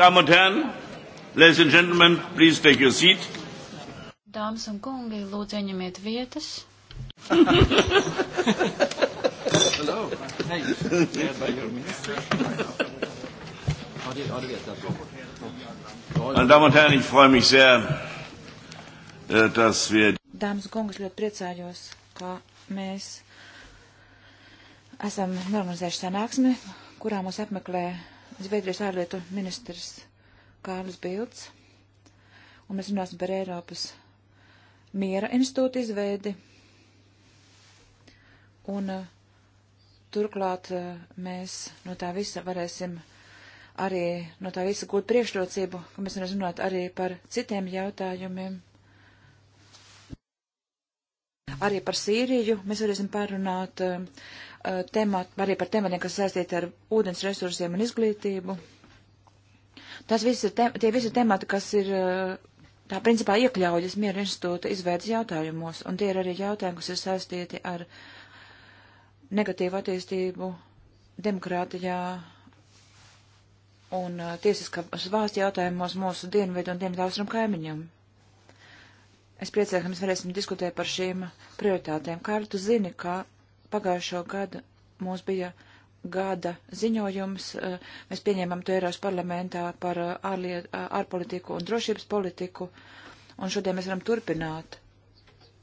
Damen und Herren, ladies and gentlemen, please take your seat. Dāmas un kungi, lūdzu ieņemiet vietas. Hello. Hey. Meine Damen und Herren, ich freue mich sehr, äh, dass wir. Dāmas un kungas, ļoti priecājos, ka mēs esam normalizējuši sanāksmi, kurā mūs apmeklē Zviedrijas ārlietu ministrs Kārlis Bilds, un mēs runāsim par Eiropas miera institūta izveidi. Un uh, turklāt uh, mēs no tā visa varēsim arī no tā visa gūt priekšrocību, ka mēs varam runāt arī par citiem jautājumiem. Arī par Sīriju mēs varēsim pārunāt uh, uh, temat, arī par tematiem, kas saistīti ar ūdens resursiem un izglītību. Tas viss ir, te, tie visi temati, kas ir uh, tā principā iekļaujas miera institūta izvērts jautājumos, un tie ir arī jautājumi, kas ir saistīti ar negatīvu attīstību demokrātijā un uh, tiesiskās valsts jautājumos mūsu dienvidu un dienvidaustrumu kaimiņam. Es priecājos, ka mēs varēsim diskutēt par šīm prioritātēm. Kā tu zini, ka pagājušo gadu mums bija gada ziņojums. Eh, mēs pieņēmām to Eiropas parlamentā par eh, ārliet, eh, ārpolitiku un drošības politiku, un šodien mēs varam turpināt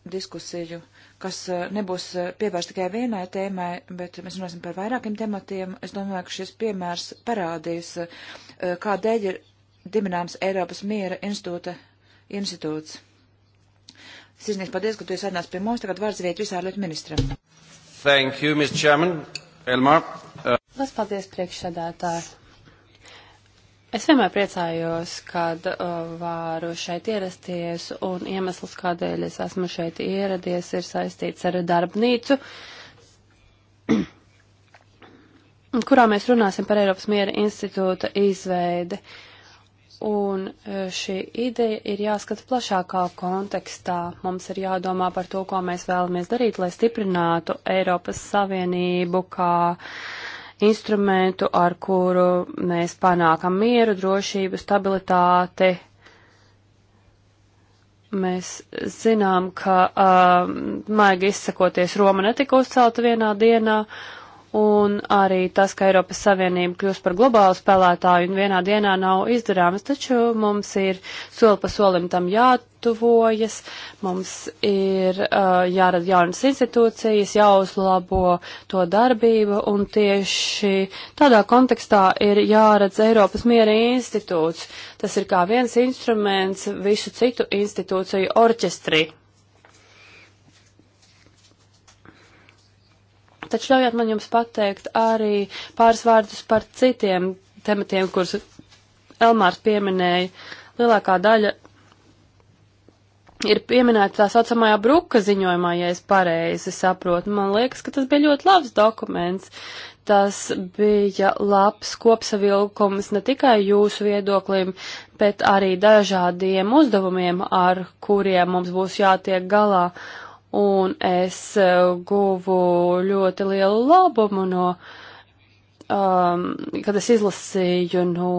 diskusiju, kas nebūs pievērsta tikai vienai tēmai, bet mēs runāsim par vairākiem tematiem. Es domāju, ka šis piemērs parādīs, kādēļ ir dibināms Eiropas miera institūta institūts. Sirsnīgs paldies, ka tu esi atnācis pie mums, tagad vārds viet visā lietu ministram. Thank you, Mr. Chairman. Elmar. Uh... Lielas paldies, priekšsēdētāji. Es vienmēr priecājos, kad uh, varu šeit ierasties, un iemesls, kādēļ es esmu šeit ieradies, ir saistīts ar darbnīcu, kurā mēs runāsim par Eiropas miera institūta izveidi. Uh, Un e, šī ideja ir jāskata plašākā kontekstā. Mums ir jādomā par to, ko mēs vēlamies darīt, lai stiprinātu Eiropas Savienību kā instrumentu, ar kuru mēs panākam mieru, drošību, stabilitāti. Mēs zinām, ka, uh, maigi izsakoties, Roma netika uzcelta vienā dienā, uh, un arī tas, ka Eiropas Savienība kļūst par globālu spēlētāju un vienā dienā nav izdarāms, taču mums ir soli pa solim tam jātuvojas, mums ir uh, jārada jaunas institūcijas, jāuzlabo to darbību, un tieši tādā kontekstā ir jāredz Eiropas miera institūts. Tas ir kā viens instruments visu citu institūciju orķestrī. Taču ļaujiet man jums pateikt arī pāris vārdus par citiem tematiem, kurus Elmārs pieminēja. Lielākā daļa ir pieminēta tā saucamajā bruka ziņojumā, ja es pareizi saprotu. Man liekas, ka tas bija ļoti labs dokuments. Tas bija labs kopsavilkums ne tikai jūsu viedoklim, bet arī dažādiem uzdevumiem, ar kuriem mums būs jātiek galā. Uh, un es eh, guvu ļoti lielu labumu no, um, kad es izlasīju no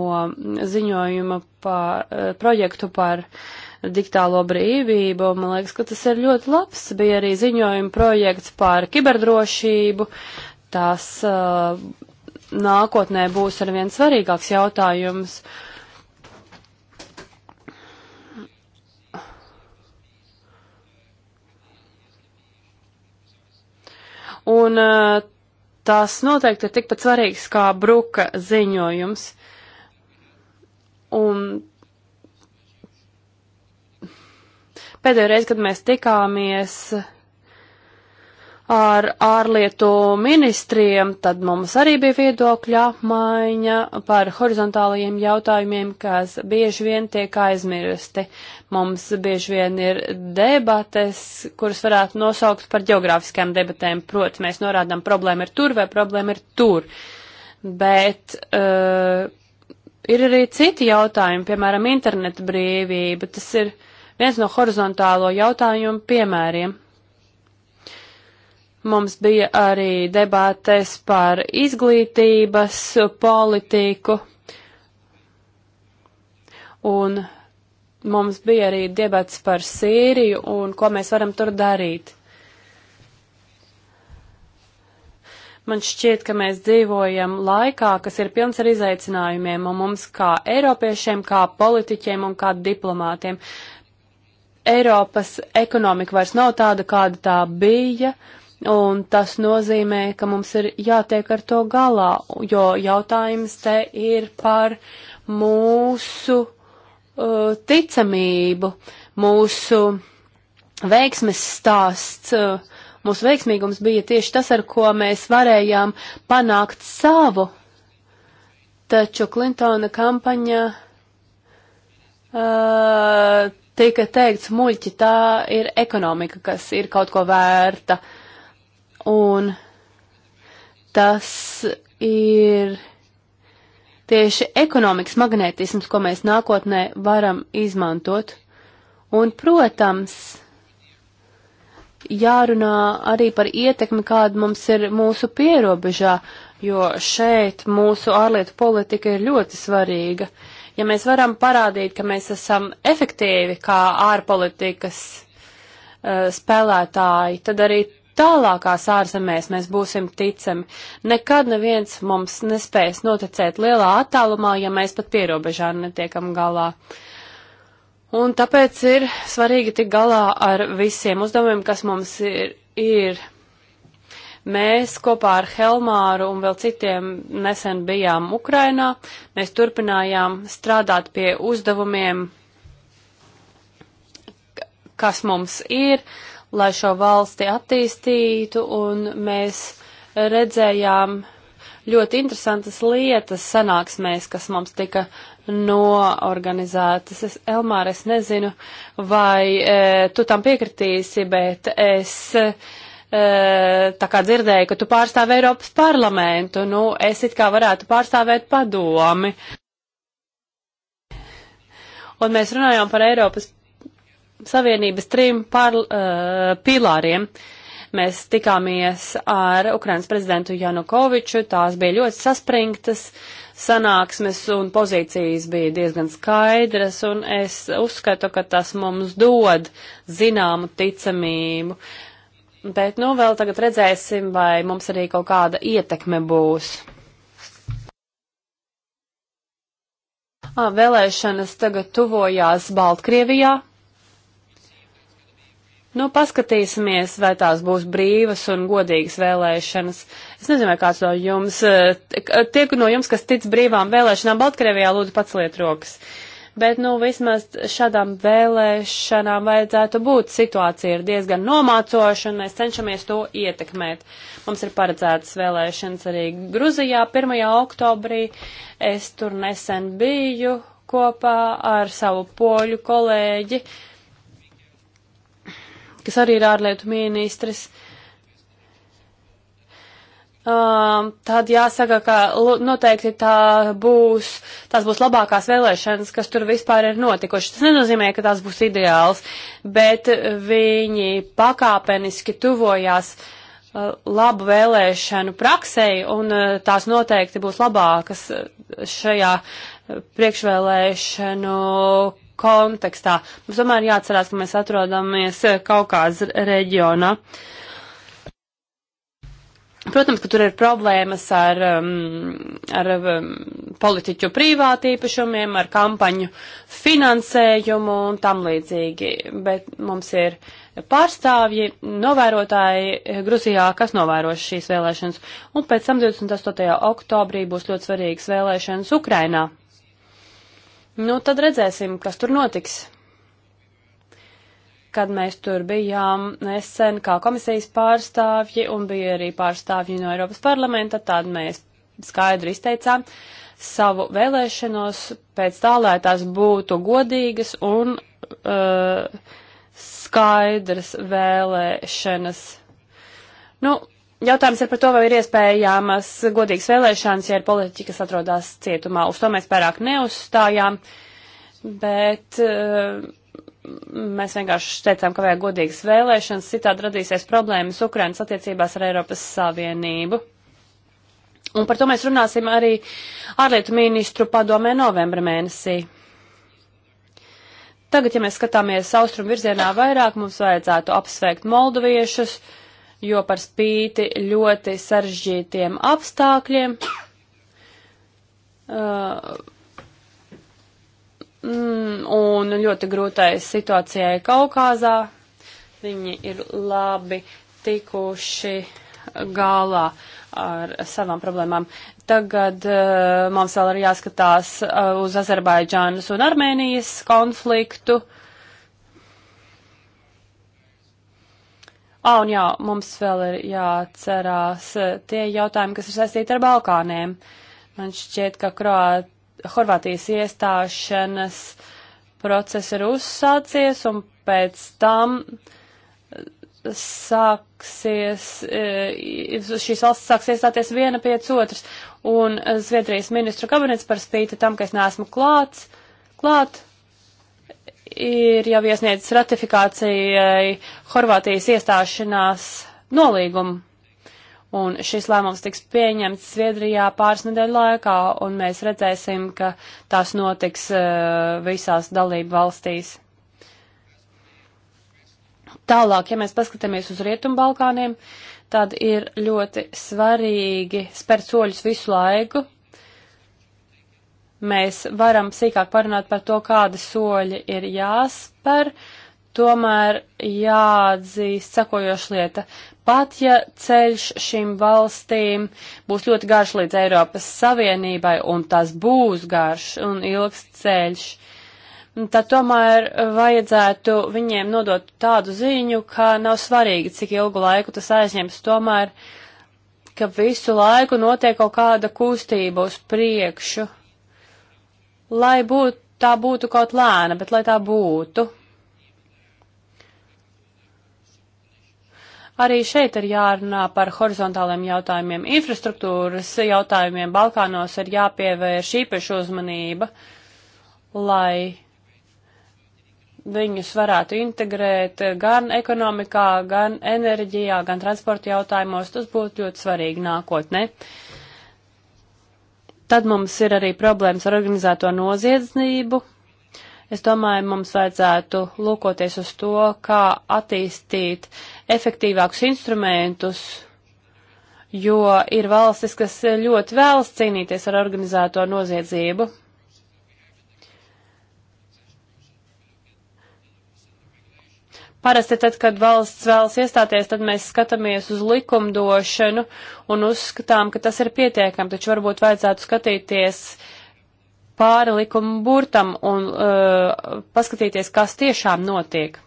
ziņojuma par uh, projektu par digitālo brīvību, man liekas, ka tas ir ļoti labs. Bija arī ziņojuma projekts par kiberdrošību, tas uh, nākotnē būs arvien svarīgāks jautājums. Uh, un uh, eh, tās noteikti ir tikpat svarīgas kā bruka ziņojums. Un pēdējo reizi, kad mēs tikāmies, uh, ar ārlietu ministriem, tad mums arī bija viedokļa apmaiņa par horizontālajiem jautājumiem, kas bieži vien tiek aizmirsti. Mums bieži vien ir debates, kuras varētu nosaukt par geogrāfiskām debatēm, proti mēs norādām problēma ir tur vai problēma ir tur. Bet uh, ir arī citi jautājumi, piemēram, interneta brīvība. Tas ir viens no horizontālo jautājumu piemēriem. Mums bija arī debātes par izglītības politiku. Un mums bija arī debats par Sīriju un ko mēs varam tur darīt. Man šķiet, ka mēs dzīvojam laikā, kas ir pilns ar izaicinājumiem, un mums kā eiropiešiem, kā politiķiem un kā diplomātiem. Eiropas ekonomika vairs nav tāda, kāda tā bija, Un tas nozīmē, ka mums ir jātiek ar to galā, jo jautājums te ir par mūsu uh, ticamību, mūsu veiksmes stāsts. Uh, mūsu veiksmīgums bija tieši tas, ar ko mēs varējām panākt savu. Taču Klintona kampaņa uh, tika teikts muļķi, tā ir ekonomika, kas ir kaut ko vērta. Uh, Un tas ir tieši ekonomikas magnētisms, ko mēs nākotnē varam izmantot. Un, protams, jārunā arī par ietekmi, kāda mums ir mūsu pierobežā, jo šeit mūsu ārlietu politika ir ļoti svarīga. Ja mēs varam parādīt, ka mēs esam efektīvi kā ārpolitikas uh, spēlētāji, tad arī tālākās ārzemēs mēs būsim ticami. Nekad neviens mums nespējas noticēt lielā attālumā, ja mēs pat pierobežā netiekam galā. Un tāpēc ir svarīgi tik galā ar visiem uzdevumiem, kas mums ir. ir. Mēs kopā ar Helmāru un vēl citiem nesen bijām Ukrainā. Mēs turpinājām strādāt pie uzdevumiem, kas mums ir, lai šo valsti attīstītu, un mēs redzējām ļoti interesantas lietas sanāksmēs, kas mums tika noorganizētas. Es, Elmār, es nezinu, vai e, tu tam piekritīsi, bet es e, tā kā dzirdēju, ka tu pārstāvi Eiropas parlamentu, nu, es it kā varētu pārstāvēt padomi. Un mēs runājām par Eiropas Savienības trim par, uh, pilāriem. Mēs tikāmies ar Ukrainas prezidentu Janukoviču, tās bija ļoti saspringtas sanāksmes un pozīcijas bija diezgan skaidras, un es uzskatu, ka tas mums dod zināmu ticamību. Bet, nu, vēl tagad redzēsim, vai mums arī kaut kāda ietekme būs. À, ah, vēlēšanas tagad tuvojās Baltkrievijā. Nu, paskatīsimies, vai tās būs brīvas un godīgas vēlēšanas. Es nezinu, vai kāds no jums, eh, tie no jums, kas tic brīvām vēlēšanām Baltkrievijā, lūdzu paceliet rokas. Bet, nu, vismaz šādām vēlēšanām vajadzētu būt. Situācija ir diezgan nomācoša, un mēs cenšamies to ietekmēt. Mums ir paredzētas vēlēšanas arī Gruzijā 1. oktobrī. Es tur nesen biju kopā ar savu poļu kolēģi. Uh, kas arī ir ārlietu ministrs, um, tad jāsaka, ka noteikti tā būs, tās būs labākās vēlēšanas, kas tur vispār ir notikušas. Tas nenozīmē, ka tās būs ideāls, bet viņi pakāpeniski tuvojās uh, labu vēlēšanu praksei, un uh, tās noteikti būs labākas uh, šajā uh, priekšvēlēšanu kontekstā. Mums tomēr jāatcerās, ka mēs atrodamies eh, Kaukāz reģionā. Protams, ka tur ir problēmas ar, um, ar um, politiķu privātīpašumiem, ar kampaņu finansējumu un tam līdzīgi, bet mums ir pārstāvji, novērotāji eh, Gruzijā, kas novēros šīs vēlēšanas, un pēc tam 28. oktobrī būs ļoti svarīgas vēlēšanas Ukrainā. Nu, tad redzēsim, kas tur notiks. Kad mēs tur bijām nesen kā komisijas pārstāvji un bija arī pārstāvji no Eiropas parlamenta, tad mēs skaidri izteicām savu vēlēšanos pēc tā, lai tās būtu godīgas un uh, skaidras vēlēšanas. Nu, Jautājums ir par to, vai ir iespējamas godīgas vēlēšanas, ja ir politiķi, kas atrodas cietumā. Uz to mēs pārāk neuzstājām, bet uh, mēs vienkārši teicām, ka vajag godīgas vēlēšanas, citādi radīsies problēmas Ukrainas attiecībās ar Eiropas Savienību. Un par to mēs runāsim arī ārlietu ministru padomē novembra mēnesī. Tagad, ja mēs skatāmies austrumu virzienā vairāk, mums vajadzētu apsveikt moldoviešus. Uh, jo par spīti ļoti sarežģītiem apstākļiem uh, mm, un ļoti grūtai situācijai Kaukāzā viņi ir labi tikuši galā ar savām problēmām. Tagad uh, mums vēl ir jāskatās uh, uz Azerbaidžānas un Armēnijas konfliktu. Uh, Ah, un jā, mums vēl ir jāatcerās e, tie jautājumi, kas ir saistīti ar Balkāniem. Man šķiet, ka Kroāt, Horvātijas iestāšanas process ir uzsācies, un pēc tam e, sāksies, e, šīs valsts sāks iestāties viena pēc otras, un Zviedrijas ministru kabinets par spīti tam, ka es neesmu klāts, klāt, ir jau iesniedzis ratifikācijai Horvātijas iestāšanās nolīgumu. Un šis lēmums tiks pieņemts Zviedrijā pāris nedēļu laikā, un mēs redzēsim, ka tās notiks uh, visās dalību valstīs. Tālāk, ja mēs paskatāmies uz Rietumu Balkāniem, tad ir ļoti svarīgi spērt soļus visu laiku, Mēs varam sīkāk parunāt par to, kādi soļi ir jāspēr, tomēr jāatzīst sakojoša lieta. Pat ja ceļš šīm valstīm būs ļoti garš līdz Eiropas Savienībai, un tas būs garš un ilgs ceļš, tad tomēr vajadzētu viņiem nodot tādu ziņu, ka nav svarīgi, cik ilgu laiku tas aizņems, tomēr, ka visu laiku notiek kaut kāda kustība uz priekšu lai būt, tā būtu kaut lēna, bet lai tā būtu. Arī šeit ir jārunā par horizontāliem jautājumiem. Infrastruktūras jautājumiem Balkānos ir jāpievērš īpaši uzmanība, lai viņus varētu integrēt gan ekonomikā, gan enerģijā, gan transporta jautājumos. Tas būtu ļoti svarīgi nākotnē. Ne? Tad mums ir arī problēmas ar organizēto noziedznību. Es domāju, mums vajadzētu lūkoties uz to, kā attīstīt efektīvākus instrumentus, jo ir valstis, kas ļoti vēlas cīnīties ar organizēto noziedzību. Parasti tad, kad valsts vēlas iestāties, tad mēs skatāmies uz likumdošanu un uzskatām, ka tas ir pietiekami, taču varbūt vajadzētu skatīties pāri likumu burtam un uh, paskatīties, kas tiešām notiek.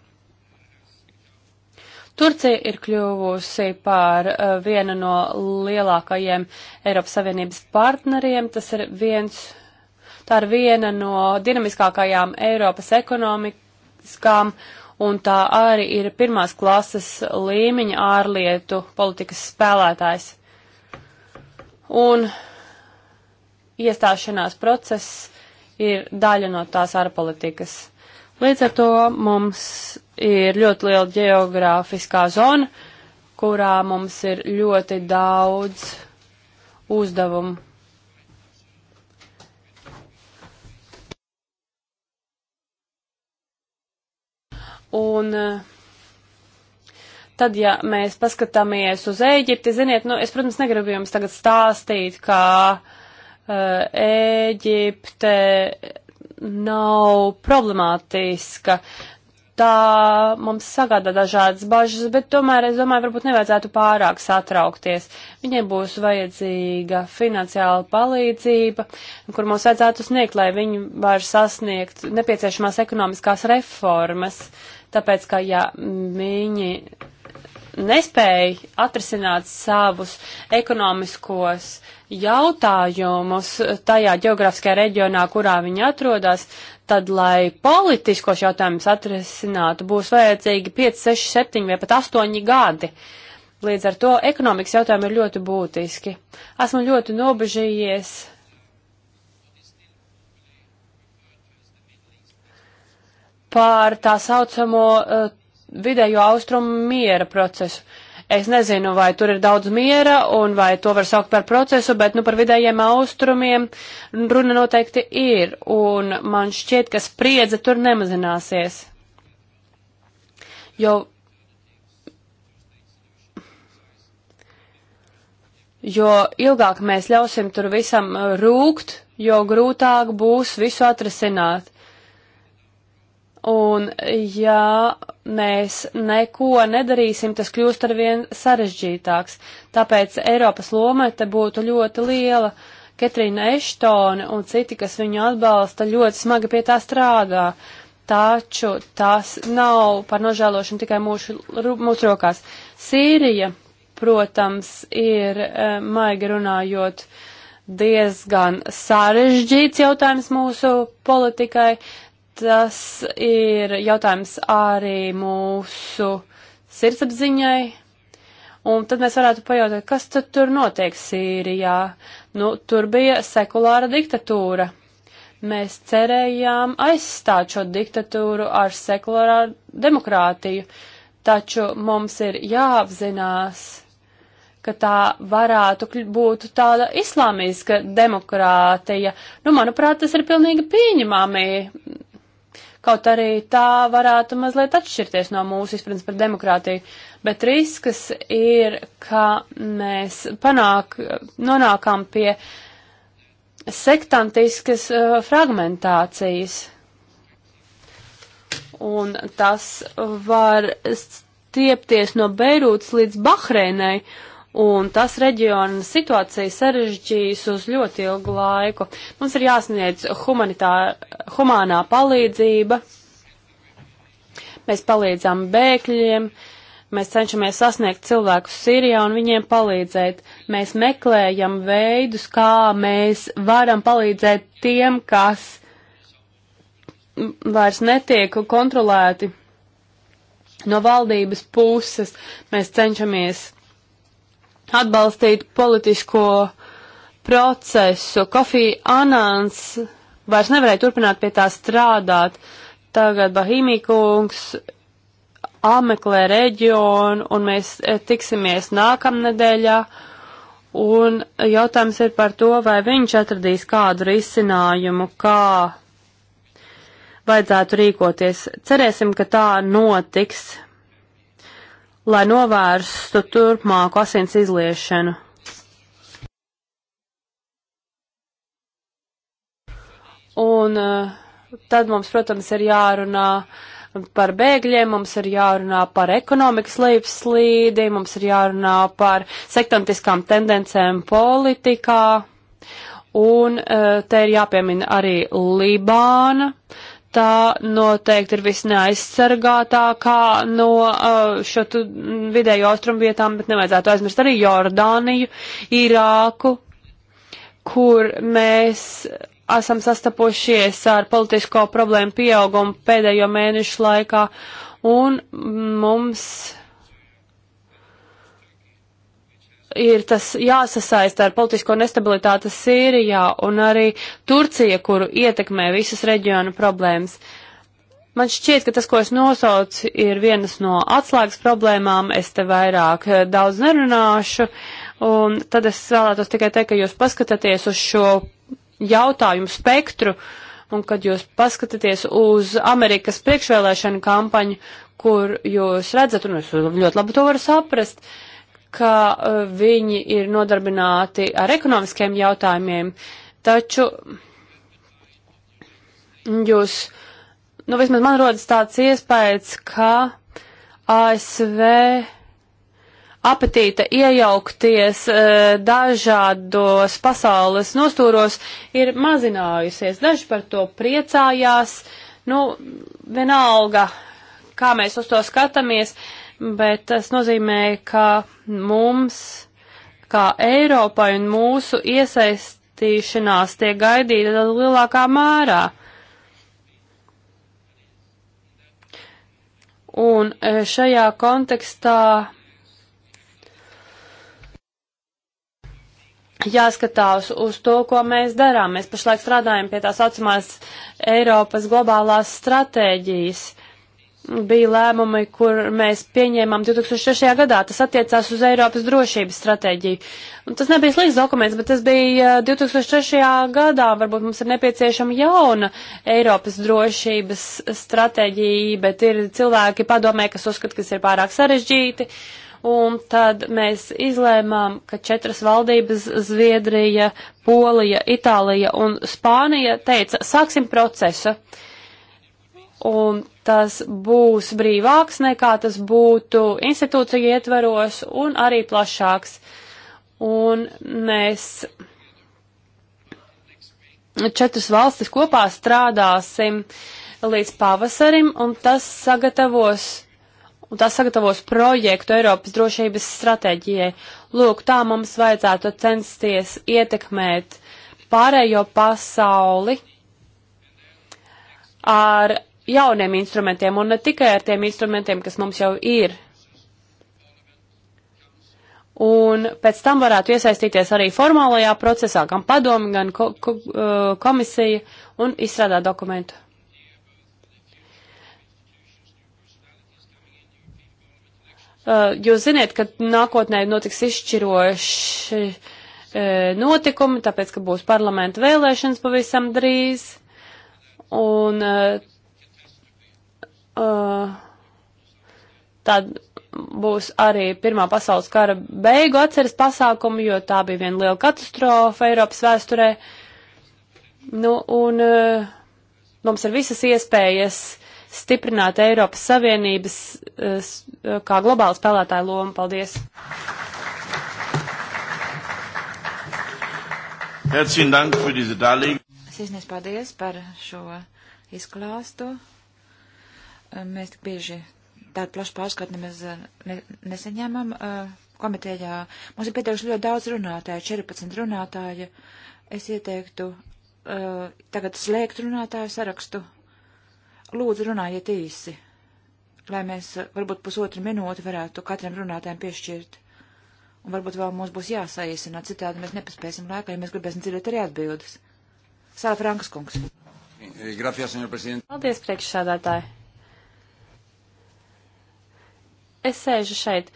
Turcija ir kļuvusi par uh, vienu no lielākajiem Eiropas Savienības partneriem. Tas ir viens, tā ir viena no dinamiskākajām Eiropas ekonomikām un tā arī ir pirmās klases līmeņa ārlietu politikas spēlētājs. Un iestāšanās process ir daļa no tās ārpolitikas. Līdz ar to mums ir ļoti liela geogrāfiskā zona, kurā mums ir ļoti daudz uzdevumu Un eh, tad, ja mēs paskatāmies uz Ēģipti, ziniet, nu, es, protams, negribu jums tagad stāstīt, kā uh, eh, Ēģipte nav problemātiska tā mums sagada dažādas bažas, bet tomēr es domāju, varbūt nevajadzētu pārāk satraukties. Viņiem būs vajadzīga finansiāla palīdzība, kur mums vajadzētu sniegt, lai viņi var sasniegt nepieciešamās ekonomiskās reformas. Tāpēc, ka ja viņi nespēja atrisināt savus ekonomiskos jautājumus tajā geogrāfiskajā reģionā, kurā viņi atrodas, tad, lai politiskos jautājumus atrisinātu, būs vajadzīgi 5, 6, 7 vai pat 8 gadi. Līdz ar to ekonomikas jautājumi ir ļoti būtiski. Esmu ļoti nobežījies par tā saucamo uh, vidējo austrumu miera procesu. Es nezinu, vai tur ir daudz miera un vai to var saukt par procesu, bet nu par vidējiem austrumiem runa noteikti ir. Un man šķiet, ka spriedze tur nemazināsies. Jo Jo ilgāk mēs ļausim tur visam rūkt, jo grūtāk būs visu atrisināt. Un ja mēs neko nedarīsim, tas kļūst arvien sarežģītāks. Tāpēc Eiropas loma te būtu ļoti liela. Ketrīna Eštone un citi, kas viņu atbalsta, ļoti smagi pie tā strādā. Taču tas nav par nožēlošanu tikai mūsu, mūsu rokās. Sīrija, protams, ir, e, maigi runājot, diezgan sarežģīts jautājums mūsu politikai, tas ir jautājums arī mūsu sirdsapziņai. Un tad mēs varētu pajautāt, kas tad tur notiek Sīrijā? Nu, tur bija sekulāra diktatūra. Mēs cerējām aizstāt šo diktatūru ar sekulāru demokrātiju, taču mums ir jāapzinās, ka tā varētu būt tāda islāmiska demokrātija. Nu, manuprāt, tas ir pilnīgi pieņemami kaut arī tā varētu mazliet atšķirties no mūsu izpratnes par demokrātiju. Bet risks ir, ka mēs panāk, nonākam pie sektantiskas uh, fragmentācijas. Un tas var stiepties no Beirūtas līdz Bahreinai. Uh, un tas reģiona situācija sarežģīs uz ļoti ilgu laiku. Mums ir jāsniedz humanitā, humānā palīdzība, mēs palīdzam bēgļiem, mēs cenšamies sasniegt cilvēkus Sīrijā un viņiem palīdzēt. Mēs meklējam veidus, kā mēs varam palīdzēt tiem, kas vairs netiek kontrolēti no valdības puses. Mēs cenšamies atbalstīt politisko procesu. Kofi Anans vairs nevarēja turpināt pie tā strādāt. Tagad Bahīmīkungs apmeklē reģionu, un mēs eh, tiksimies nākamnedēļā. Un jautājums ir par to, vai viņš atradīs kādu risinājumu, kā vajadzētu rīkoties. Cerēsim, ka tā notiks lai novērstu turpmāku asins izliešanu. Un eh, tad mums, protams, ir jārunā par bēgļiem, mums ir jārunā par ekonomikas lejupslīdi, mums ir jārunā par sektantiskām tendencēm politikā. Un eh, te ir jāpiemina arī Libāna. Uh, tā noteikti ir visneaizsargātākā no uh, šo vidējo austrumu vietām, bet nevajadzētu aizmirst arī Jordāniju, Irāku, kur mēs esam sastapušies ar politisko problēmu pieaugumu pēdējo mēnešu laikā, un mums ir tas jāsasaista ar politisko nestabilitāti Sīrijā un arī Turcija, kuru ietekmē visas reģiona problēmas. Man šķiet, ka tas, ko es nosaucu, ir vienas no atslēgas problēmām. Es te vairāk eh, daudz nerunāšu. Un tad es vēlētos tikai teikt, ka jūs paskatāties uz šo jautājumu spektru un kad jūs paskatāties uz Amerikas priekšvēlēšanu kampaņu, kur jūs redzat, un es ļoti labi to varu saprast, uh, ka uh, viņi ir nodarbināti ar ekonomiskiem jautājumiem, taču jūs, nu vismaz man rodas tāds iespējas, ka ASV apetīte iejaukties uh, dažādos pasaules nostūros ir mazinājusies. Daži par to priecājās, nu vienalga, kā mēs uz to skatāmies. Uh, bet tas nozīmē, ka mums, kā Eiropai un mūsu iesaistīšanās tiek gaidīta tad lielākā mērā. Un e, šajā kontekstā jāskatās uz to, ko mēs darām. Mēs pašlaik strādājam pie tās atsimās Eiropas globālās stratēģijas bija lēmumi, kur mēs pieņēmām 2006. gadā. Tas attiecās uz Eiropas drošības stratēģiju. Un tas nebija slikts dokuments, bet tas bija eh, 2006. gadā. Varbūt mums ir nepieciešama jauna Eiropas drošības stratēģija, bet ir cilvēki padomē, kas uzskata, kas ir pārāk sarežģīti. Un tad mēs izlēmām, ka četras valdības - Zviedrija, Polija, Itālija un Spānija teica, sāksim procesu. Uh, un tas būs brīvāks nekā tas būtu institūcija ietveros un arī plašāks. Un mēs četras valstis kopā strādāsim līdz pavasarim, un tas sagatavos, un tas sagatavos projektu Eiropas drošības stratēģijai. Lūk, tā mums vajadzētu censties ietekmēt pārējo pasauli ar jauniem instrumentiem un ne tikai ar tiem instrumentiem, kas mums jau ir. Un pēc tam varētu iesaistīties arī formālajā procesā, gan padomi, gan ko, ko, komisija un izstrādāt dokumentu. Jūs ziniet, ka nākotnē notiks izšķiroši notikumi, tāpēc, ka būs parlamenta vēlēšanas pavisam drīz. Un uh, tad būs arī Pirmā pasaules kara beigu atceres pasākumi, jo tā bija viena liela katastrofa Eiropas vēsturē. Nu, un uh, mums ir visas iespējas stiprināt Eiropas Savienības uh, kā globāla spēlētāja lomu. Paldies! Herzlichen Dank für diese Darlegung. Es iznies paldies par šo izklāstu. Mēs tik bieži tādu plašu pārskatu nemaz eh, ne, nesaņēmām eh, komitejā. Mums ir pietiekuši ļoti daudz runātāju, 14 runātāju. Es ieteiktu eh, tagad slēgt runātāju sarakstu. Lūdzu, runājiet īsi, lai mēs varbūt pusotru minūti varētu katram runātājiem piešķirt. Un varbūt vēl mums būs jāsaīsina, citādi mēs nepaspēsim laikā, ja mēs gribēsim dzirdēt arī atbildes. Sāla Frankas kungs. Gracias, senor presidente. Paldies, priekšsādātāji es sēžu šeit.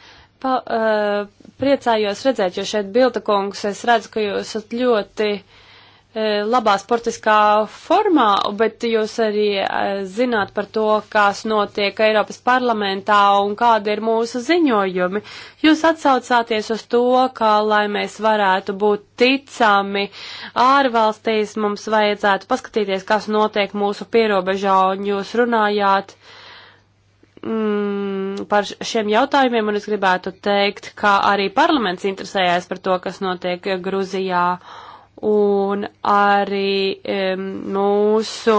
Pa, uh, priecājos redzēt, jo šeit Bilta kungs, es redzu, ka jūs esat ļoti uh, labā sportiskā formā, bet jūs arī uh, zināt par to, kas notiek Eiropas parlamentā un kādi ir mūsu ziņojumi. Jūs atsaucāties uz to, ka, lai mēs varētu būt ticami ārvalstīs, mums vajadzētu paskatīties, kas notiek mūsu pierobežā, un jūs runājāt uh, mm, par šiem jautājumiem, un es gribētu teikt, ka arī parlaments interesējās par to, kas notiek Gruzijā, un arī mm, mūsu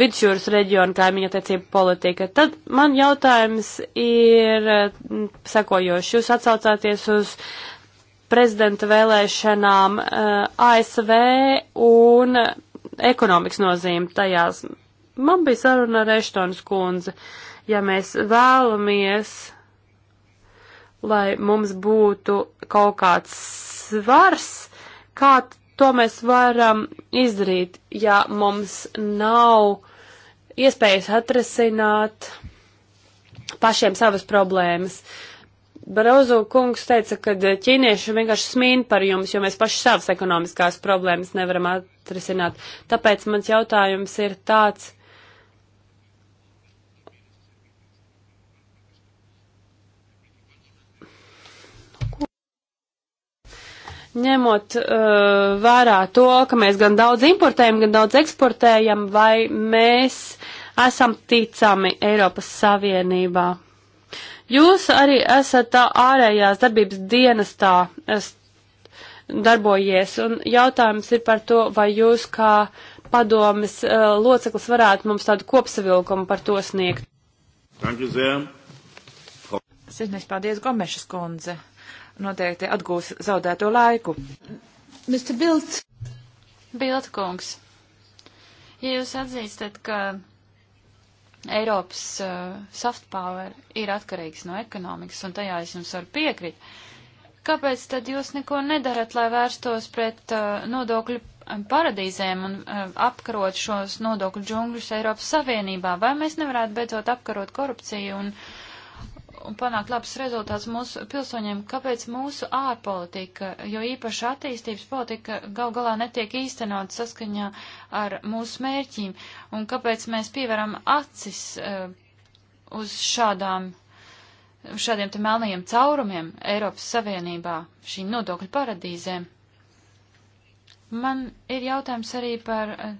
vidusjūras reģiona kaimiņu attiecību politika. Tad man jautājums ir mm, sekojošs. Jūs atsaucāties uz prezidenta vēlēšanām uh, eh, ASV un ekonomikas nozīme tajās. Man bija saruna ar Eštonas kundzi. Uh, Ja mēs vēlamies, lai mums būtu kaut kāds svars, kā to mēs varam izdarīt, ja mums nav iespējas atrasināt pašiem savas problēmas. Barozo kungs teica, ka ķīnieši vienkārši smīn par jums, jo mēs paši savas ekonomiskās problēmas nevaram atrisināt. Tāpēc mans jautājums ir tāds, ņemot uh, vērā to, ka mēs gan daudz importējam, gan daudz eksportējam, vai mēs esam ticami Eiropas Savienībā. Jūs arī esat tā ārējās darbības dienestā darbojies, un jautājums ir par to, vai jūs kā padomis uh, loceklis varētu mums tādu kopsavilkumu par to sniegt. Sirdnieks paldies Gomešas kundze noteikti atgūs zaudēto laiku. Mr. Bilt. Bilt kungs, ja jūs atzīstat, ka Eiropas uh, soft power ir atkarīgs no ekonomikas, un tajā es jums varu piekrīt, kāpēc tad jūs neko nedarat, lai vērstos pret uh, nodokļu um, paradīzēm un uh, apkarot šos nodokļu džungļus Eiropas Savienībā? Vai mēs nevarētu beidzot apkarot korupciju un uh, un panākt labs rezultāts mūsu pilsoņiem, kāpēc mūsu ārpolitika, jo īpaši attīstības politika gal galā netiek īstenot saskaņā ar mūsu mērķīm, un kāpēc mēs pievaram acis uh, uz šādām, šādiem te melnajiem caurumiem Eiropas Savienībā, šīm nodokļu paradīzēm. Man ir jautājums arī par uh,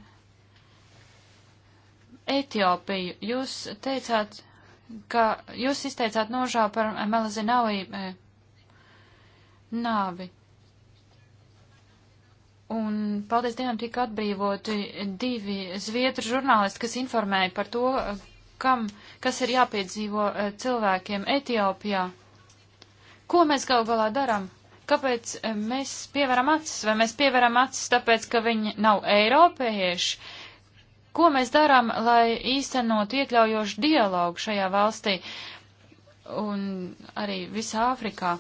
Etiopiju. Jūs teicāt, ka jūs izteicāt nožēlu par Melazinaui e, nāvi. Un paldies Dievam tika atbrīvoti divi zviedru žurnālisti, kas informēja par to, e, kam, kas ir jāpiedzīvo e, cilvēkiem Etiopijā. Ko mēs gal galā darām? Kāpēc mēs pievaram acis? Vai mēs pievaram acis tāpēc, ka viņi nav eiropieši? Ko mēs darām, lai īstenot iekļaujošu dialogu šajā valstī un arī visā Āfrikā?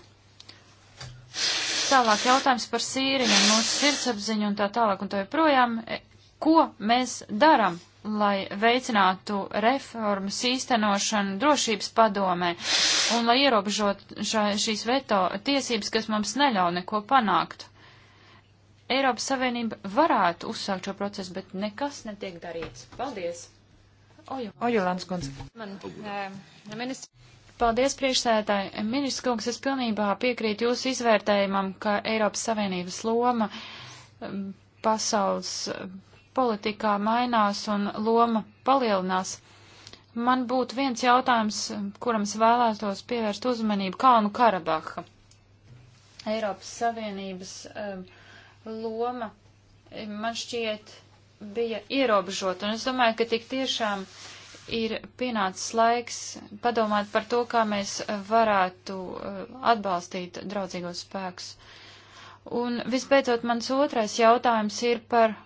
Tālāk jautājums par Sīriju un mūsu sirdsapziņu un tā tālāk un tā joprojām. E, ko mēs darām, lai veicinātu reformas īstenošanu drošības padomē un lai ierobežot šā, šīs veto tiesības, kas mums neļauj neko panākt? Eiropas Savienība varētu uzsākt šo procesu, bet nekas netiek darīts. Paldies! Ojulāns kundze. Man, e, ministri. Paldies, priekšsētāji. Ministrs kungs, es pilnībā piekrītu jūsu izvērtējumam, ka Eiropas Savienības loma um, pasaules um, politikā mainās un loma palielinās. Man būtu viens jautājums, kuram es vēlētos pievērst uzmanību - Kalnu Karabaha. Eiropas Savienības um, e, loma, eh, man šķiet, bija ierobežota. Un es domāju, ka tik tiešām ir pienācis laiks padomāt par to, kā mēs varētu eh, atbalstīt draudzīgos spēkus. Un visbeidzot, mans otrais jautājums ir par.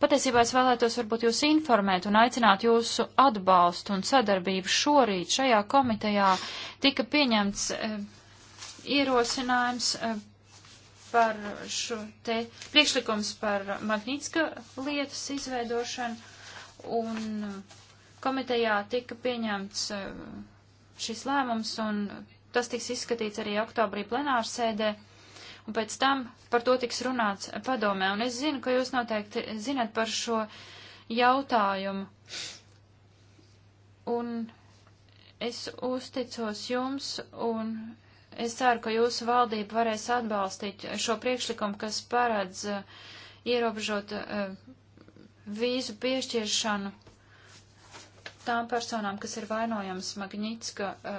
Patiesībā es vēlētos varbūt jūs informēt un aicināt jūsu atbalstu un sadarbību. Šorīt šajā komitejā tika pieņemts e, ierosinājums e, par šo te priekšlikums par Magnitska lietas izveidošanu un komitejā tika pieņemts eh, šis lēmums un tas tiks izskatīts arī oktobrī plenārsēdē un pēc tam par to tiks runāts padomē. Un es zinu, ka jūs noteikti zinat par šo jautājumu. Un es uzticos jums un es ceru, ka jūsu valdība varēs atbalstīt šo priekšlikumu, kas paredz uh, ierobežot uh, vīzu piešķiršanu tām personām, kas ir vainojamas Magnitska uh,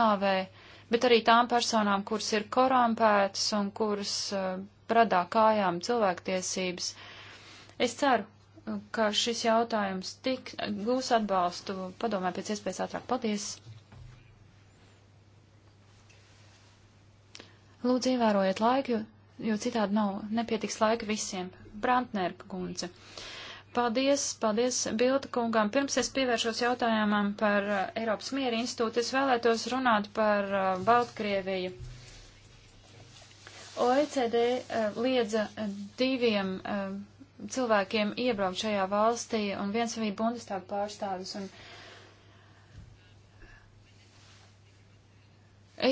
nāvē, bet arī tām personām, kuras ir korumpētas un kuras pradā uh, kājām cilvēktiesības. Es ceru, uh, ka šis jautājums tik gūs atbalstu padomē pēc iespējas ātrāk. Paldies! Lūdzu, ievērojiet laiku, jo, jo citādi nav nepietiks laika visiem. Brantnērka kundze. Paldies, paldies Bilta kungām. Pirms es pievēršos jautājumam par uh, Eiropas miera institūtu, es vēlētos runāt par uh, Baltkrieviju. OECD uh, liedza uh, diviem uh, cilvēkiem iebraukt šajā valstī, un viens bija Bundestāga pārstāvis. Un, uh,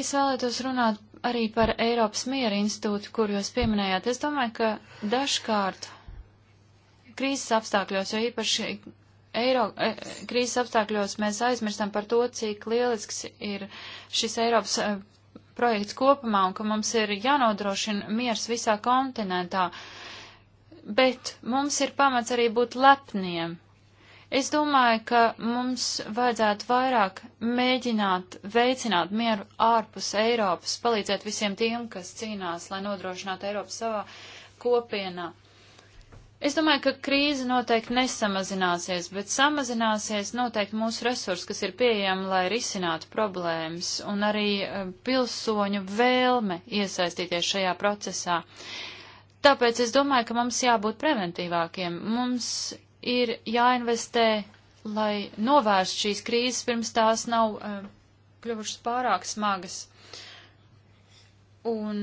Es vēlētos runāt arī par Eiropas miera institūtu, kur jūs pieminējāt. Es domāju, ka dažkārt krīzes apstākļos, jo īpaši Eiro, e, krīzes apstākļos mēs aizmirstam par to, cik lielisks ir šis Eiropas e, projekts kopumā un ka mums ir jānodrošina miers visā kontinentā. Bet mums ir pamats arī būt lepniem Es domāju, ka mums vajadzētu vairāk mēģināt veicināt mieru ārpus Eiropas, palīdzēt visiem tiem, kas cīnās, lai nodrošinātu Eiropu savā kopienā. Es domāju, ka krīze noteikti nesamazināsies, bet samazināsies noteikti mūsu resursi, kas ir pieejami, lai risinātu problēmas, un arī eh, pilsoņu vēlme iesaistīties šajā procesā. Tāpēc es domāju, ka mums jābūt preventīvākiem. Mums ir jāinvestē, lai novērst šīs krīzes, pirms tās nav uh, kļuvušas pārāk smagas. Un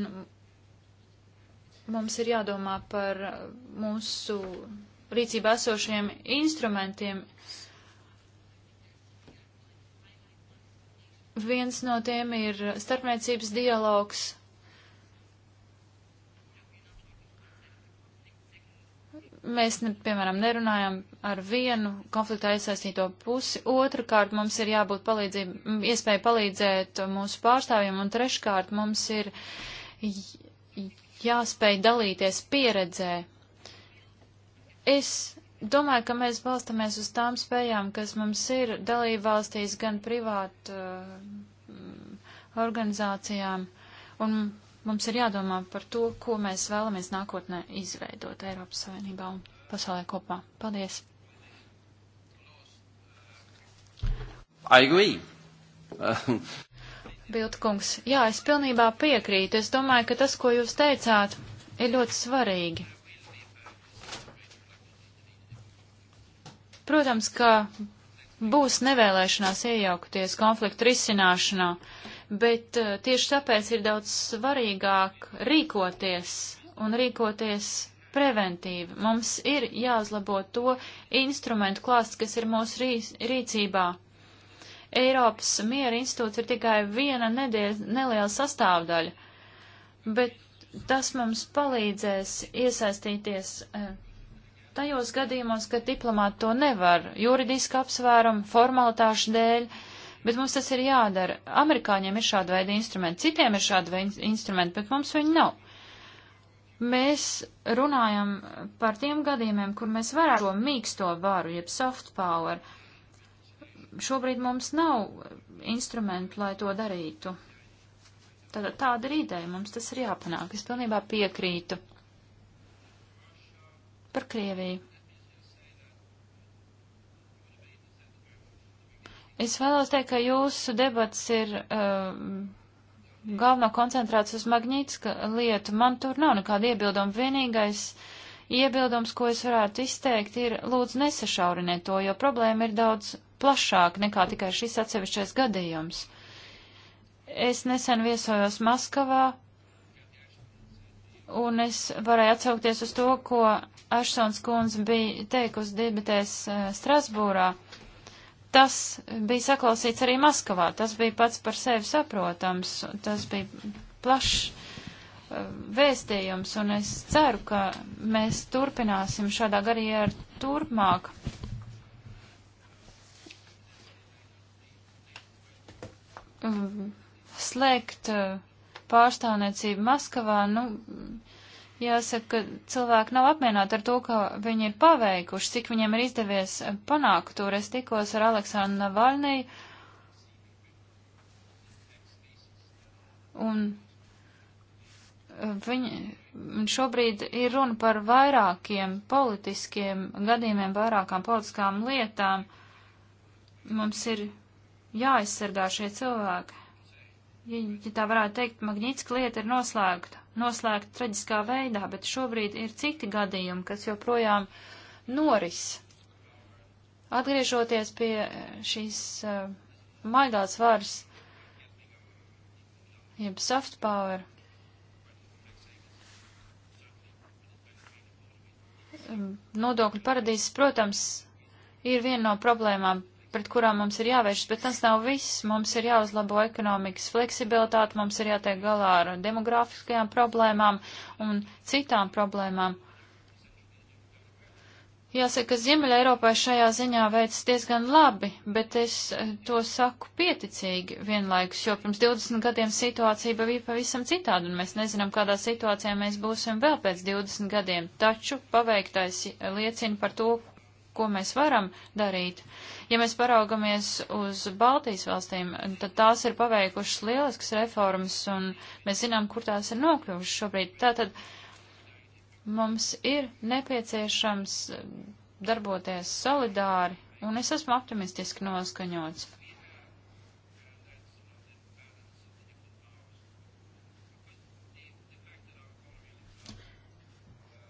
mums ir jādomā par mūsu rīcībā esošiem instrumentiem. Viens no tiem ir starpniecības dialogs mēs, ne, piemēram, nerunājam ar vienu konfliktā iesaistīto pusi. Otrakārt, mums ir jābūt palīdzību, iespēja palīdzēt mūsu pārstāvjiem, un treškārt, mums ir jāspēj dalīties pieredzē. Es domāju, ka mēs balstamies uz tām spējām, kas mums ir dalībvalstīs gan privātu uh, organizācijām, un Mums ir jādomā par to, ko mēs vēlamies nākotnē izveidot Eiropas Savienībā un pasaulē kopā. Paldies! Aigvī! Bildkungs, jā, es pilnībā piekrītu. Es domāju, ka tas, ko jūs teicāt, ir ļoti svarīgi. Protams, ka būs nevēlēšanās iejaukties konfliktu risināšanā. Uh, bet eh, tieši tāpēc ir daudz svarīgāk rīkoties un rīkoties preventīvi. Mums ir jāuzlabo to instrumentu klāsts, kas ir mūsu rī, rīcībā. Eiropas miera institūts ir tikai viena nediez, neliela sastāvdaļa, bet tas mums palīdzēs iesaistīties eh, tajos gadījumos, kad diplomāti to nevar juridiski apsvērumu, formalitāšu dēļ, uh, bet mums tas ir jādara. Amerikāņiem ir šāda veida instrumenti, citiem ir šāda veida instrumenti, bet mums viņi nav. Mēs runājam par tiem gadījumiem, kur mēs varētu to mīksto varu, jeb soft power. Šobrīd mums nav instrumentu, lai to darītu. Tāda, tāda ir ideja, mums tas ir jāpanāk. Es pilnībā piekrītu par Krieviju. Es vēlos teikt, ka jūsu debats ir uh, galvenā koncentrācija uz Magnītiska lietu. Man tur nav nekāda iebilduma. Vienīgais iebildums, ko es varētu izteikt, ir lūdzu nesašauriniet to, jo problēma ir daudz plašāka nekā tikai šis atsevišķais gadījums. Es nesen viesojos Maskavā, un es varēju atsaukties uz to, ko Ašsons kundze bija teikusi debatēs uh, Strasbūrā. Tas bija saklausīts arī Maskavā, tas bija pats par sevi saprotams, tas bija plašs eh, vēstījums, un es ceru, ka mēs turpināsim šādā garīgā turpmāk. Mm, slēgt eh, pārstāvniecību Maskavā, nu, Jāsaka, ka cilvēki nav apmierināti ar to, ka viņi ir paveikuši, cik viņiem ir izdevies panākt tur. Es tikos ar Aleksandru Navalniju. Un eh, viņi šobrīd ir runa par vairākiem politiskiem gadījumiem, vairākām politiskām lietām. Mums ir jāaizsargā šie cilvēki. Ja, ja tā varētu teikt, Magnitska lieta ir noslēgta noslēgt traģiskā veidā, bet šobrīd ir citi gadījumi, kas joprojām noris. Atgriežoties pie šīs uh, maigās varas, jeb soft power, mm, nodokļu paradīzes, protams, ir viena no problēmām, pret kurām mums ir jāvēršas, bet tas nav viss. Mums ir jāuzlabo ekonomikas fleksibilitāte, mums ir jātiek galā ar demografiskajām problēmām un citām problēmām. Jāsaka, ka Ziemeļa Eiropā šajā ziņā veids diezgan labi, bet es eh, to saku pieticīgi vienlaikus, jo pirms 20 gadiem situācija bija pavisam citāda, un mēs nezinām, kādā situācijā mēs būsim vēl pēc 20 gadiem. Taču paveiktais eh, liecina par to, ko mēs varam darīt. Ja mēs paraugamies uz Baltijas valstīm, tad tās ir paveikušas lieliskas reformas, un mēs zinām, kur tās ir nokļuvušas šobrīd. Tātad mums ir nepieciešams darboties solidāri, un es esmu optimistiski noskaņots.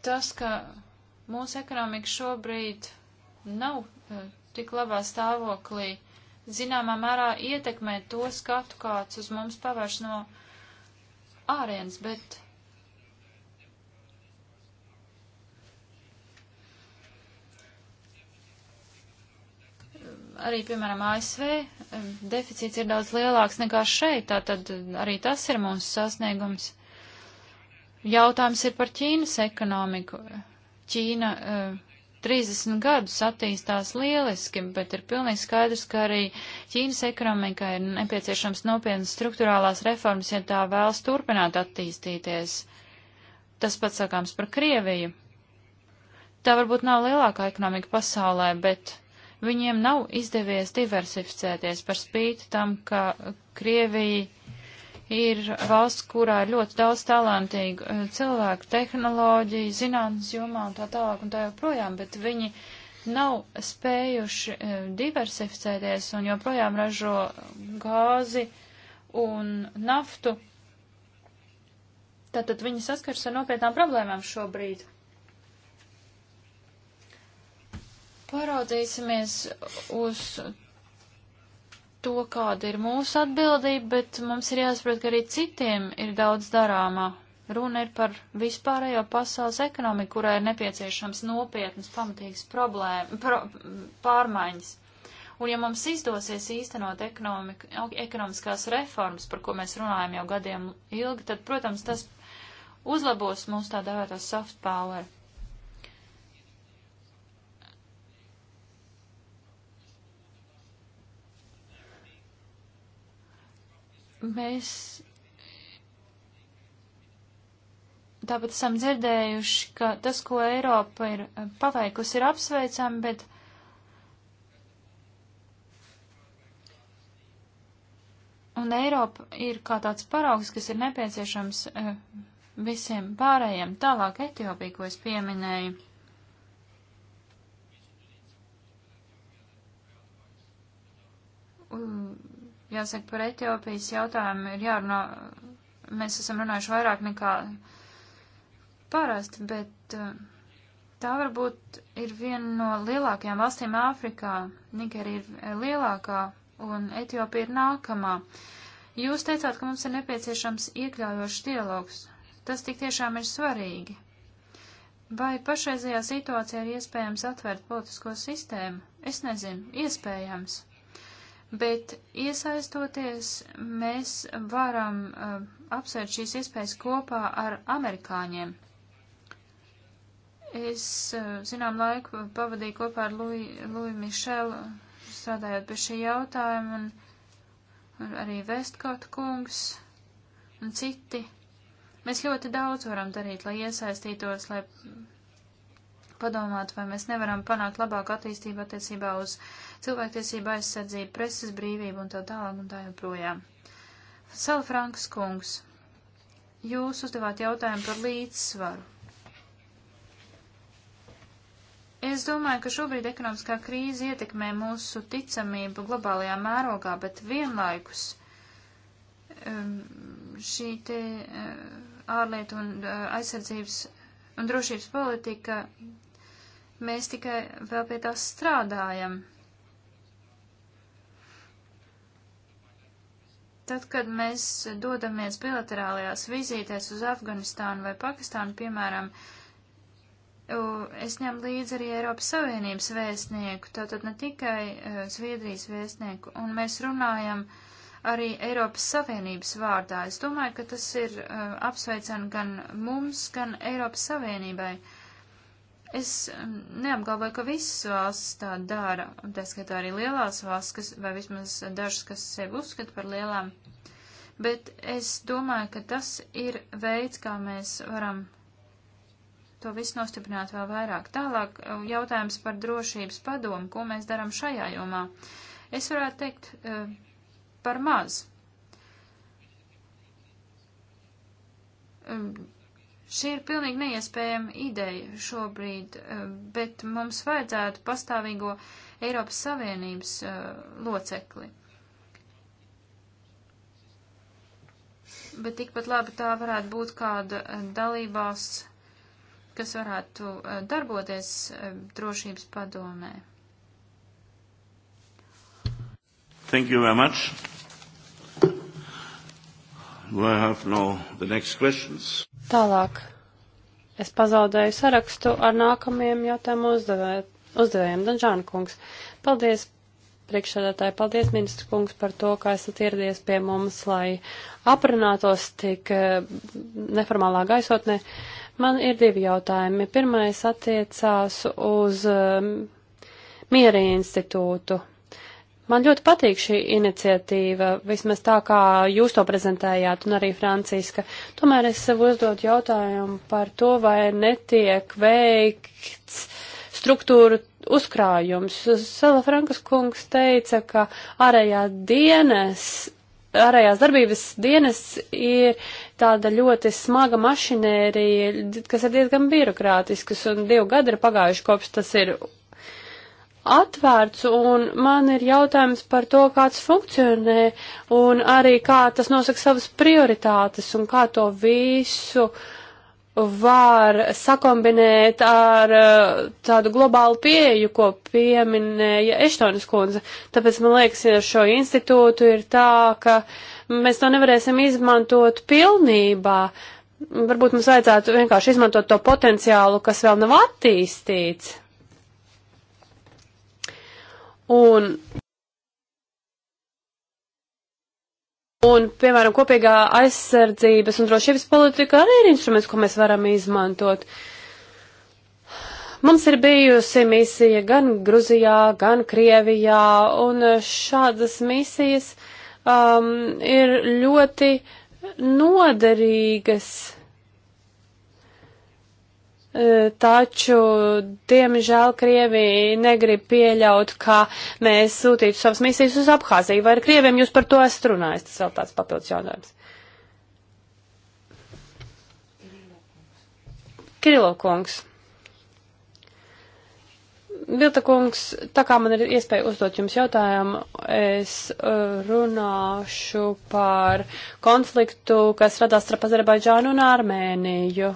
Tas, ka mūsu ekonomika šobrīd nav uh, tik labā stāvoklī, zināmā mērā ietekmē to skatu, kāds uz mums pavērš no ārienes, bet arī, piemēram, ASV eh, deficīts ir daudz lielāks nekā šeit, tātad arī tas ir mūsu sasniegums. Jautājums ir par Ķīnas ekonomiku. Ķīna uh, 30 gadus attīstās lieliski, bet ir pilnīgi skaidrs, ka arī Ķīnas ekonomikā ir nepieciešams nopietnas struktūrālās reformas, ja tā vēlas turpināt attīstīties. Tas pats sakāms par Krieviju. Tā varbūt nav lielākā ekonomika pasaulē, bet viņiem nav izdevies diversificēties par spīti tam, ka Krievija ir valsts, kurā ir ļoti daudz talantīgu eh, cilvēku, tehnoloģiju, zinātnes jomā un tā tālāk un tā joprojām, bet viņi nav spējuši eh, diversificēties un joprojām ražo gāzi un naftu. Tātad viņi saskars ar nopietnām problēmām šobrīd. Paraudzīsimies uz to, kāda ir mūsu atbildība, bet mums ir jāsaprot, ka arī citiem ir daudz darāmā. Runa ir par vispārējo pasaules ekonomiku, kurai ir nepieciešams nopietnas, pamatīgas problēma, pro, pārmaiņas. Un ja mums izdosies īstenot ekonomiskās reformas, par ko mēs runājam jau gadiem ilgi, tad, protams, tas uzlabos mūsu tā dēvēto soft power. Mēs tāpat esam dzirdējuši, ka tas, ko Eiropa ir eh, paveikusi, ir apsveicami, bet un Eiropa ir kā tāds paraugs, kas ir nepieciešams eh, visiem pārējiem. Tālāk Etiopija, ko es pieminēju. Jāsaka, par Etiopijas jautājumu ir jārunā, mēs esam runājuši vairāk nekā parasti, bet uh, tā varbūt ir viena no lielākajām valstīm Āfrikā. Nigerija ir uh, lielākā un Etiopija ir nākamā. Jūs teicāt, ka mums ir nepieciešams iekļaujošs dialogs. Tas tik tiešām ir svarīgi. Vai pašreizajā situācijā ir iespējams atvērt politisko sistēmu? Es nezinu, iespējams bet iesaistoties, mēs varam uh, apsvērt šīs iespējas kopā ar amerikāņiem. Es, uh, zinām, laiku pavadīju kopā ar Louis Michelu, strādājot pie šī jautājuma, un arī Vestkot kungs un citi. Mēs ļoti daudz varam darīt, lai iesaistītos, lai padomāt, vai mēs nevaram panākt labāku attīstību attiecībā uz cilvēktiesību aizsardzību, preses brīvību un tā tālāk un tā joprojām. Salfrankas kungs, jūs uzdevāt jautājumu par līdzsvaru. Es domāju, ka šobrīd ekonomiskā krīze ietekmē mūsu ticamību globālajā mērogā, bet vienlaikus um, šī te uh, ārlietu un uh, aizsardzības un drošības politika, mēs tikai vēl pie tās strādājam. Tad, kad mēs dodamies bilaterālajās vizītēs uz Afganistānu vai Pakistānu, piemēram, es ņem līdzi arī Eiropas Savienības vēstnieku, tātad ne tikai eh, Zviedrijas vēstnieku, un mēs runājam uh, arī Eiropas Savienības vārdā. Es domāju, ka tas ir uh, apsveicami gan mums, gan Eiropas Savienībai. Es um, neapgalvoju, ka visas valsts tā dara, un tā skaitā arī lielās valsts, kas, vai vismaz dažas, kas sevi uzskata par lielām, bet es domāju, ka tas ir veids, kā mēs varam to visu nostiprināt vēl vairāk. Tālāk eh, jautājums par drošības padomu, ko mēs darām šajā jomā. Es varētu teikt, eh, par maz. Um, šī ir pilnīgi neiespējama ideja šobrīd, um, bet mums vajadzētu pastāvīgo Eiropas Savienības uh, locekli. Bet tikpat labi tā varētu būt kāda uh, dalībās, kas varētu uh, darboties um, drošības padomē. Thank you very much. No Tālāk. Es pazaudēju sarakstu ar nākamajiem jautājumu uzdevē, uzdevējiem. Danžāna kungs, paldies priekšsēdētāji, paldies ministru kungs par to, ka esat ieradies pie mums, lai aprunātos tik eh, neformālā gaisotnē. Man ir divi jautājumi. Pirmais attiecās uz um, miera institūtu. Man ļoti patīk šī iniciatīva, vismaz tā, kā jūs to prezentējāt, un arī Franciska. Tomēr es sev uzdodu jautājumu par to, vai netiek veikts struktūru uzkrājums. Sala Frankas kungs teica, ka ārējā dienas, ārējās darbības dienas ir tāda ļoti smaga mašinērija, kas ir diezgan birokrātiskas, un divi gadi ir pagājuši kopš tas ir atvērts, un man ir jautājums par to, kāds funkcionē, un arī kā tas nosaka savas prioritātes, un kā to visu var sakombinēt ar eh, tādu globālu pieeju, ko pieminēja Eštonas kundze. Tāpēc, man liekas, ar šo institūtu ir tā, ka mēs to nevarēsim izmantot pilnībā, varbūt mums vajadzētu vienkārši izmantot to potenciālu, kas vēl nav attīstīts. Un, un, piemēram, kopīgā aizsardzības un drošības politika arī ir instruments, ko mēs varam izmantot. Mums ir bijusi misija gan Gruzijā, gan Krievijā, un šādas misijas um, ir ļoti noderīgas taču, diemžēl, Krievija negrib pieļaut, ka mēs sūtītu savas misijas uz Abhāziju. Vai ar Krieviem jūs par to esat runājis? Tas vēl tāds papildus jautājums. Kirilo kungs. Vilta kungs, tā kā man ir iespēja uzdot jums jautājumu, es uh, runāšu par konfliktu, kas radās starp Azerbaidžānu un Armēniju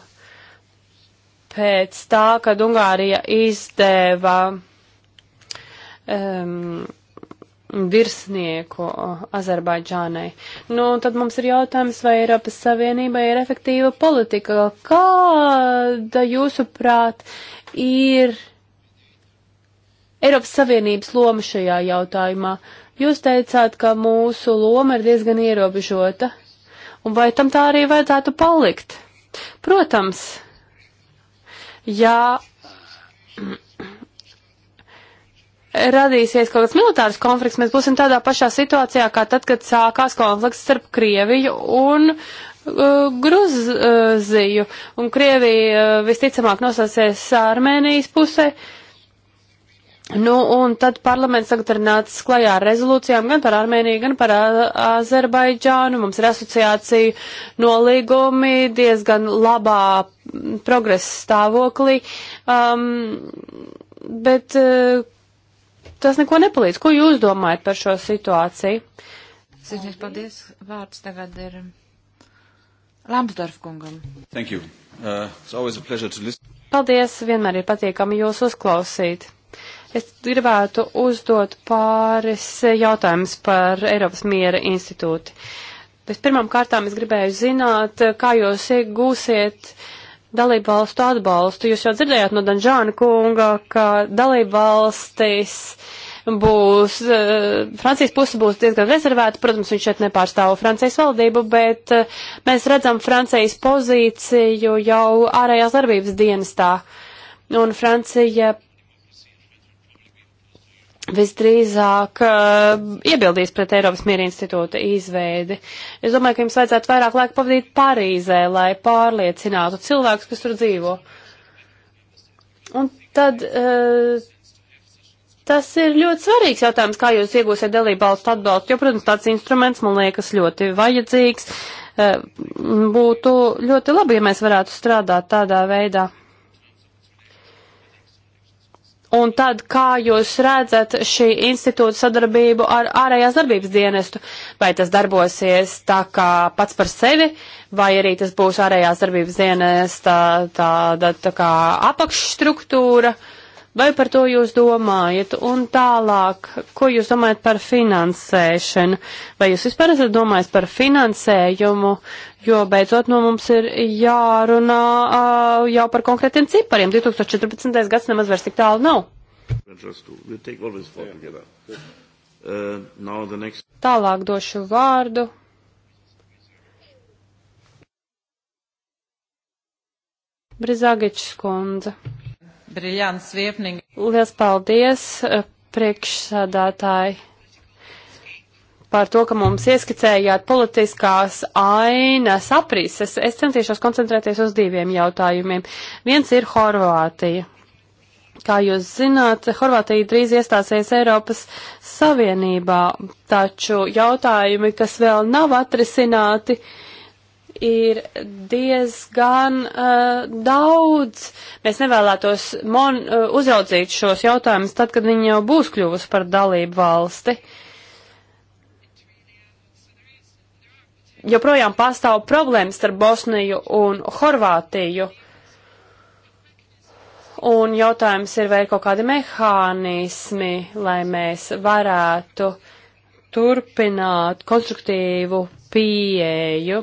pēc tā, kad Ungārija izdēva um, virsnieku Azerbaidžānai. Nu, tad mums ir jautājums, vai Eiropas Savienība ir efektīva politika. Kāda, jūsuprāt, ir Eiropas Savienības loma šajā jautājumā? Jūs teicāt, ka mūsu loma ir diezgan ierobežota. Un vai tam tā arī vajadzētu palikt? Protams, ja radīsies kaut kāds militārs konflikts, mēs būsim tādā pašā situācijā, kā tad, kad sākās konflikts starp Krieviju un uh, Gruziju. Un Krievija uh, visticamāk nosāsies Armēnijas pusē. Uh, Nu, un tad parlaments tagad ir nācis klajā ar rezolūcijām gan par Armēniju, gan par Azerbaidžānu. Mums ir asociācija nolīgumi diezgan labā progresa stāvoklī. Um, bet uh, tas neko nepalīdz. Ko jūs domājat par šo situāciju? Sirdies, paldies. Vārds tagad ir um, Lambsdorf kungam. Thank you. Uh, it's always a pleasure to listen. Paldies, vienmēr ir patīkami jūs uzklausīt. Es gribētu uzdot pāris jautājumus par Eiropas miera institūti. Vispirmām kārtām es gribēju zināt, kā jūs iegūsiet dalību valstu atbalstu. Jūs jau dzirdējāt no Danžāna kunga, ka dalību valstis būs, uh, Francijas puse būs diezgan rezervēta, protams, viņš šeit nepārstāv Francijas valdību, bet uh, mēs redzam Francijas pozīciju jau ārējās darbības dienestā. Un Francija visdrīzāk uh, iebildīs pret Eiropas miera institūta izveidi. Es domāju, ka jums vajadzētu vairāk laika pavadīt Parīzē, lai pārliecinātu cilvēkus, kas tur dzīvo. Un tad uh, tas ir ļoti svarīgs jautājums, kā jūs iegūsiet dalību valstu atbalstu, jo, protams, tāds instruments, man liekas, ļoti vajadzīgs. Uh, būtu ļoti labi, ja mēs varētu strādāt tādā veidā. Un tad, kā jūs redzat šī institūta sadarbību ar ārējās darbības dienestu? Vai tas darbosies tā kā pats par sevi, vai arī tas būs ārējās darbības dienesta tāda tā, tā kā apakšstruktūra? Uh, Vai par to jūs domājat? Un tālāk, ko jūs domājat par finansēšanu? Vai jūs vispār esat domājis par finansējumu? Jo beidzot no mums ir jārunā uh, jau par konkrētiem cipariem. 2014. gads nemaz vairs tik tālu nav. Tālāk došu vārdu Brizāgečs kundze briljants viepnīgi. Lielas paldies, eh, priekšsādātāji, par to, ka mums ieskicējāt politiskās ainas aprīses. Es centīšos koncentrēties uz diviem jautājumiem. Viens ir Horvātija. Kā jūs zināt, Horvātija drīz iestāsies Eiropas Savienībā, taču jautājumi, kas vēl nav atrisināti, uh, ir diezgan uh, daudz. Mēs nevēlētos mon, uh, uzraudzīt šos jautājumus tad, kad viņi jau būs kļuvusi par dalību valsti. Joprojām pastāv problēmas starp Bosniju un Horvātiju. Un jautājums ir, vai ir kaut kādi mehānismi, lai mēs varētu turpināt konstruktīvu pieeju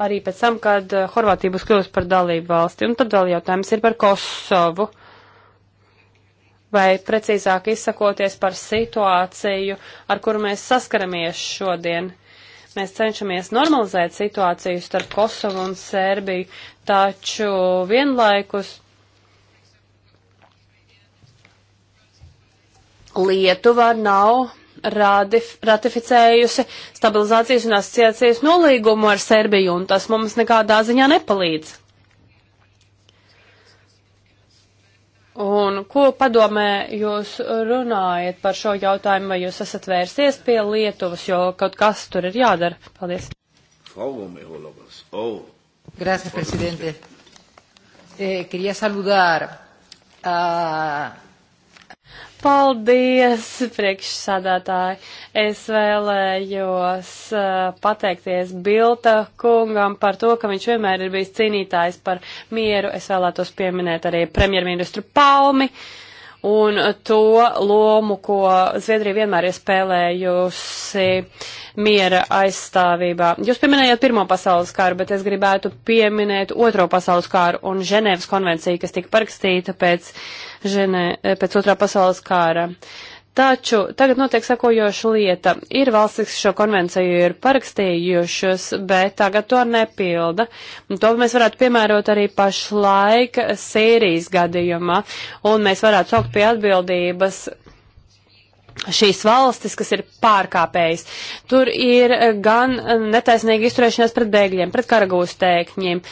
arī pēc tam, kad eh, Horvātija būs kļuvusi par dalību valsti. Un tad vēl jautājums ir par Kosovu. Vai precīzāk izsakoties par situāciju, ar kuru mēs saskaramies šodien. Mēs cenšamies normalizēt situāciju starp Kosovu un Sērbiju, taču vienlaikus Lietuva nav radif, ratificējusi stabilizācijas un asociācijas nolīgumu ar Serbiju, un tas mums nekādā ziņā nepalīdz. Un ko padomē jūs runājat par šo jautājumu, vai jūs esat vērsies pie Lietuvas, jo kaut kas tur ir jādara? Paldies. Oh. Gracias, presidente. Eh, quería saludar a Paldies, priekšsādātāji! Es vēlējos uh, pateikties Bilta kungam par to, ka viņš vienmēr ir bijis cīnītājs par mieru. Es vēlētos pieminēt arī premjerministru Palmi. Uh, un to lomu, ko Zviedrija vienmēr ir spēlējusi miera aizstāvībā. Jūs pieminējāt Pirmo pasaules kāru, bet es gribētu pieminēt Otro pasaules kāru un Ženēvas konvenciju, kas tika parakstīta pēc, Ženē, pēc Otrā pasaules kāra. Taču tagad notiek sakojoša lieta. Ir valstis, kas šo konvenciju ir parakstījušas, bet tagad to nepilda. Un to mēs varētu piemērot arī pašlaik Sīrijas gadījumā, un mēs varētu saukt pie atbildības šīs valstis, kas ir pārkāpējis. Tur ir gan netaisnīgi izturēšanās pret bēgļiem, pret karagūstēkņiem,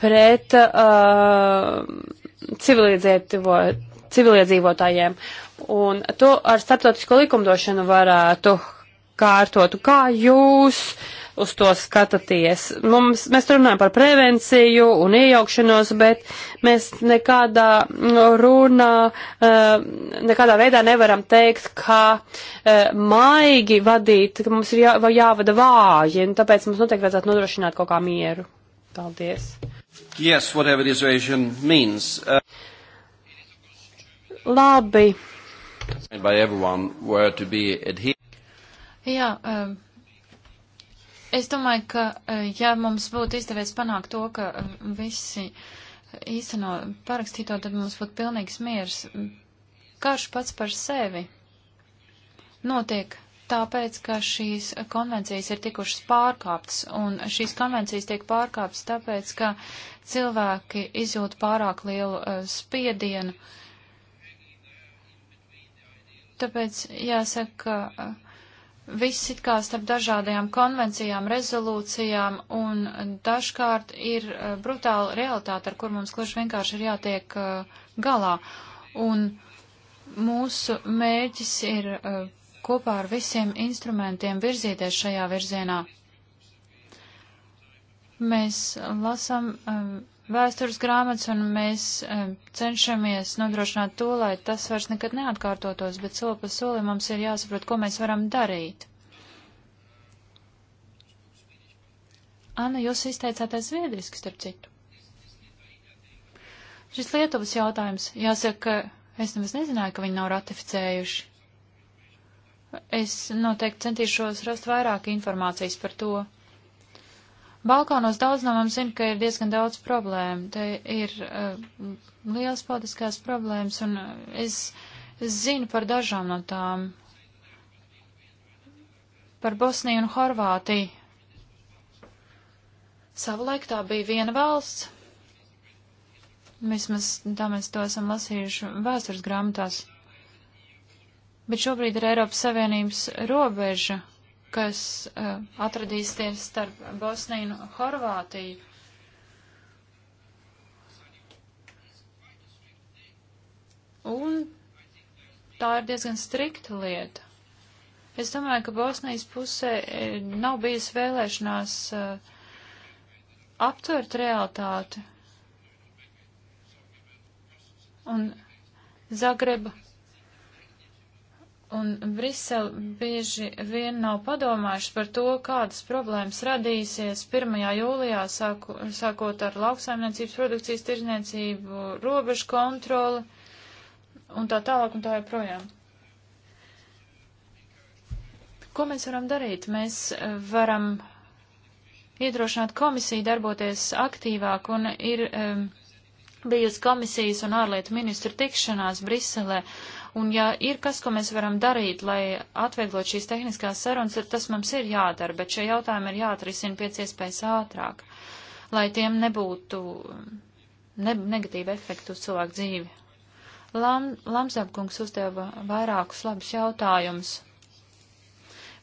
pret uh, civilizētīvo civiliedzīvotājiem. Un to ar starptautisko likumdošanu varētu kārtot. Kā jūs uz to skatāties? Mums, mēs runājam par prevenciju un iejaukšanos, bet mēs nekādā runā, eh, nekādā veidā nevaram teikt, ka eh, maigi vadīt, ka mums ir jā, jāvada vāji, un tāpēc mums noteikti vajadzētu nodrošināt kaut kā mieru. Paldies. Yes, whatever the Asian means. Uh labi. Jā, um, es domāju, ka uh, ja mums būtu izdevies panākt to, ka um, visi īsteno parakstīto, tad mums būtu pilnīgs miers. Karš pats par sevi notiek tāpēc, ka šīs konvencijas ir tikušas pārkāptas, un šīs konvencijas tiek pārkāptas tāpēc, ka cilvēki izjūt pārāk lielu uh, spiedienu. Uh, Tāpēc jāsaka, ka viss it kā starp dažādajām konvencijām, rezolūcijām un dažkārt ir eh, brutāla realitāte, ar kur mums kluši vienkārši ir jātiek eh, galā. Un mūsu mērķis ir eh, kopā ar visiem instrumentiem virzīties šajā virzienā. Mēs lasam vēstures grāmatas, un mēs um, cenšamies nodrošināt to, lai tas vairs nekad neatkārtotos, bet soli pa soli mums ir jāsaprot, ko mēs varam darīt. Anna, jūs izteicāties zviedriski, starp citu. Šis Lietuvas jautājums, jāsaka, es nemaz nezināju, ka viņi nav ratificējuši. Es noteikti centīšos rast vairāk informācijas par to. Balkānos daudz no mums zina, ka ir diezgan daudz problēmu. Te ir uh, liels politiskās problēmas, un eh, es, es zinu par dažām no tām. Par Bosniju un Horvātiju. Savulaik tā bija viena valsts. Vismaz tā mēs to esam lasījuši vēstures grāmatās. Bet šobrīd ir Eiropas Savienības robeža kas uh, atradīsies starp Bosniju un Horvātiju. Un tā ir diezgan strikta lieta. Es domāju, ka Bosnijas pusē eh, nav bijis vēlēšanās uh, aptvert realitāti. Un Zagreba un Brisele bieži vien nav padomājuši par to, kādas problēmas radīsies 1. jūlijā, sāku, sākot ar lauksaimniecības produkcijas tirzniecību, robežu kontroli un tā tālāk un tā joprojām. Ko mēs varam darīt? Mēs eh, varam iedrošināt komisiju darboties aktīvāk un ir um, bijusi komisijas un ārlietu ministru tikšanās Briselē. Uh, Un ja ir kas, ko mēs varam darīt, lai atvieglot šīs tehniskās sarunas, tas mums ir jādara, bet šie jautājumi ir jāatrisina pēc iespējas ātrāk, lai tiem nebūtu um, ne negatīva efekta uz cilvēku dzīvi. Lam Lamsdabkungs uzdeva vairākus labus jautājumus.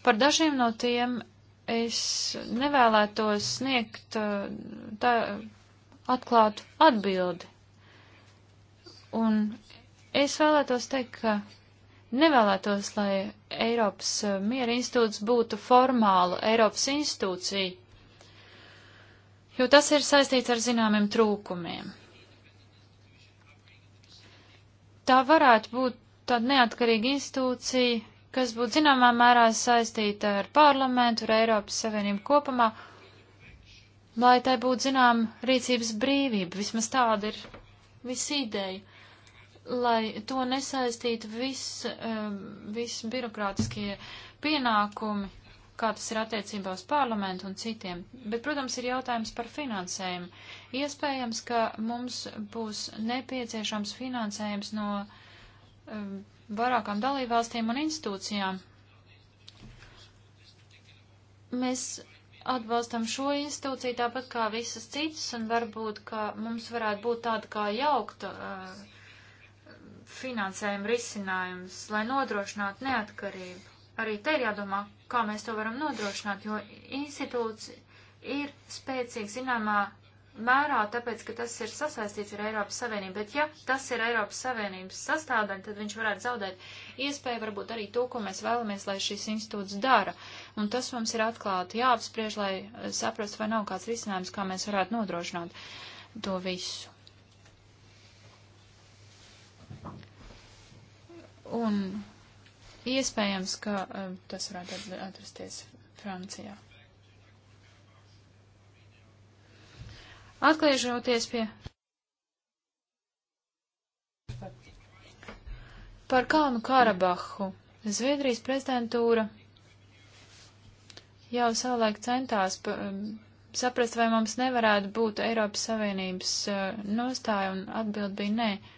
Par dažiem no tiem es nevēlētos sniegt uh, tā, atklātu atbildi. Un Es vēlētos teikt, ka nevēlētos, lai Eiropas eh, miera institūts būtu formāla Eiropas institūcija, jo tas ir saistīts ar zināmiem trūkumiem. Tā varētu būt tāda neatkarīga institūcija, kas būtu zināmā mērā saistīta ar parlamentu, ar Eiropas Savienību kopumā, lai tai būtu zinām rīcības brīvība, vismaz tāda ir visa ideja lai to nesaistītu viss um, vis birokrātiskie pienākumi, kā tas ir attiecībā uz parlamentu un citiem. Bet, protams, ir jautājums par finansējumu. Iespējams, ka mums būs nepieciešams finansējums no um, vairākām dalībvalstīm un institūcijām. Mēs atbalstam šo institūciju tāpat kā visas citas, un varbūt, ka mums varētu būt tāda kā jaukta. Uh, finansējuma risinājums, lai nodrošinātu neatkarību. Arī te ir jādomā, kā mēs to varam nodrošināt, jo institūts ir spēcīgs zināmā mērā, tāpēc, ka tas ir sasaistīts ar Eiropas Savienību. Bet, ja tas ir Eiropas Savienības sastāvdaļa, tad viņš varētu zaudēt iespēju varbūt arī to, ko mēs vēlamies, lai šis institūts dara. Un tas mums ir atklāti jāapspriež, lai saprastu, vai nav kāds risinājums, kā mēs varētu nodrošināt to visu. Un iespējams, ka um, tas varētu atrasties Francijā. Atgriežoties pie. Par Kalnu Karabahu Zviedrijas prezidentūra jau savulaik centās um, saprast, vai mums nevarētu būt Eiropas Savienības uh, nostāja, un atbild bija nē. Ne.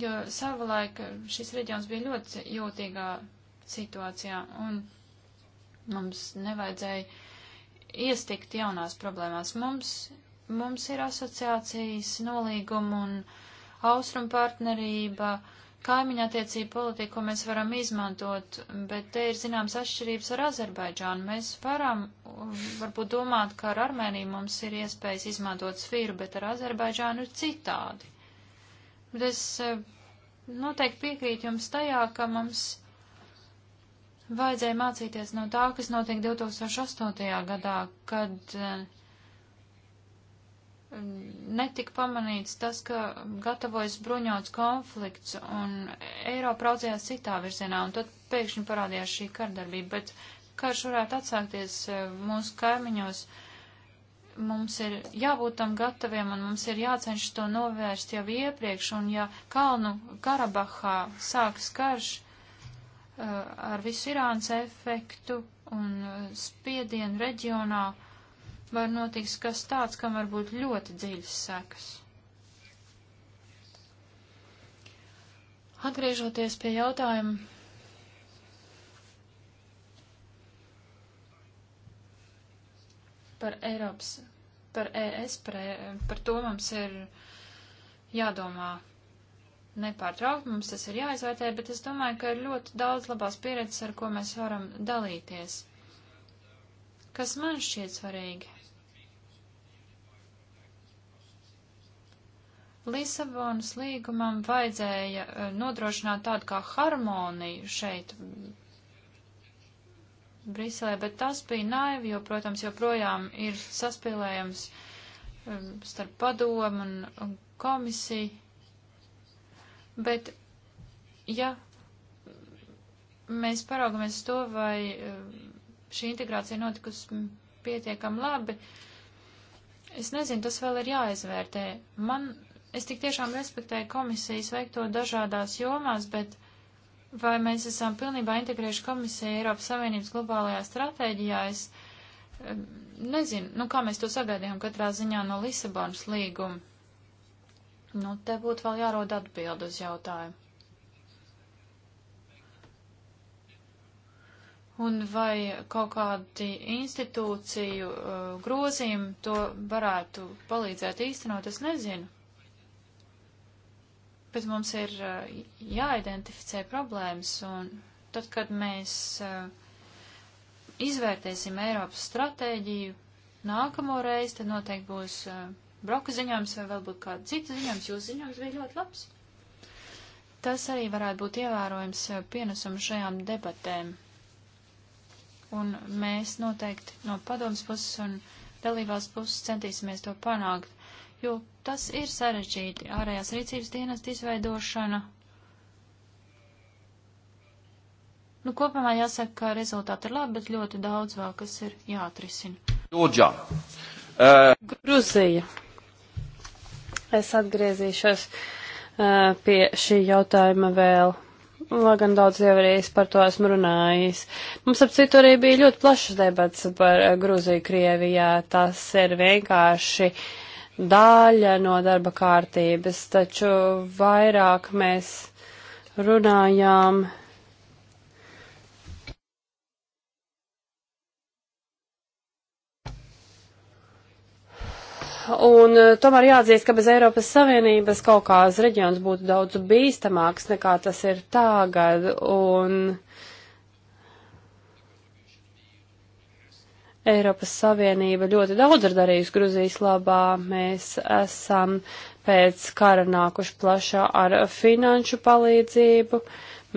jo savulaik šis reģions bija ļoti jūtīgā situācijā, un mums nevajadzēja iestikt jaunās problēmās. Mums, mums ir asociācijas nolīguma un austrum partnerība, kaimiņa attiecība politika, ko mēs varam izmantot, bet te ir zināms atšķirības ar Azerbaidžānu. Mēs varam varbūt domāt, ka ar Armēniju mums ir iespējas izmantot sfīru, bet ar Azerbaidžānu ir citādi. Bet es eh, noteikti piekrītu jums tajā, ka mums vajadzēja mācīties no tā, kas notiek 2008. gadā, kad eh, netika pamanīts tas, ka gatavojas bruņots konflikts un Eiropa raudzījās citā virzienā, un tad pēkšņi parādījās šī kardarbība, bet karš varētu atsākties eh, mūsu kaimiņos. Uh, mums ir jābūt tam gataviem un mums ir jācenš to novērst jau iepriekš, un ja Kalnu Karabahā sāks karš uh, ar visu Irānas efektu un uh, spiedienu reģionā, var notiks kas tāds, kam var būt ļoti dziļas sekas. Atgriežoties pie jautājuma par Eiropas, par ES, par, e, par to mums ir jādomā nepārtraukti, mums tas ir jāizvērtē, bet es domāju, ka ir ļoti daudz labās pieredzes, ar ko mēs varam dalīties. Kas man šķiet svarīgi? Lisabonas līgumam vajadzēja eh, nodrošināt tādu kā harmoniju šeit Briselē, bet tas bija naivi, jo, protams, joprojām ir saspēlējams um, starp padomu un komisiju. Bet, ja mēs paraugamies to, vai um, šī integrācija notikusi pietiekam labi, es nezinu, tas vēl ir jāizvērtē. Man, es tik tiešām respektēju komisijas veikto dažādās jomās, bet vai mēs esam pilnībā integrējuši komisiju Eiropas Savienības globālajā stratēģijā. Es eh, nezinu, nu kā mēs to sagaidījām katrā ziņā no Lisabonas līguma. Nu, te būtu vēl jārod atbild uz jautājumu. Un vai kaut kādi institūciju uh, grozījumi to varētu palīdzēt īstenot, es nezinu. Bet mums ir eh, jāidentificē problēmas, un tad, kad mēs eh, izvērtēsim Eiropas stratēģiju, nākamo reizi, tad noteikti būs eh, broka ziņojums vai varbūt kāda cita ziņojums. Jūsu ziņojums bija ļoti labs. Tas arī varētu būt ievērojams pienesums šajām debatēm. Un mēs noteikti no padomas puses un dalībās puses centīsimies to panākt jo tas ir sarežģīti. Ārējās rīcības dienas izveidošana. Nu, kopumā jāsaka, ka rezultāti ir labi, bet ļoti daudz vēl, kas ir jāatrisina. Lūdzu. Uh... Gruzija. Es atgriezīšos uh, pie šī jautājuma vēl. Lai gan daudz jau arī es par to esmu runājis. Mums ap citu arī bija ļoti plašas debats par Gruziju Krievijā. Tas ir vienkārši uh, daļa no darba kārtības, taču vairāk mēs runājām. Un eh, tomēr jāatzīst, ka bez Eiropas Savienības kaut kāds reģions būtu daudz bīstamāks nekā tas ir tagad. Un uh, Eiropas Savienība ļoti daudz ir darījusi Gruzijas labā. Mēs esam pēc kara nākuši plašā ar finanšu palīdzību.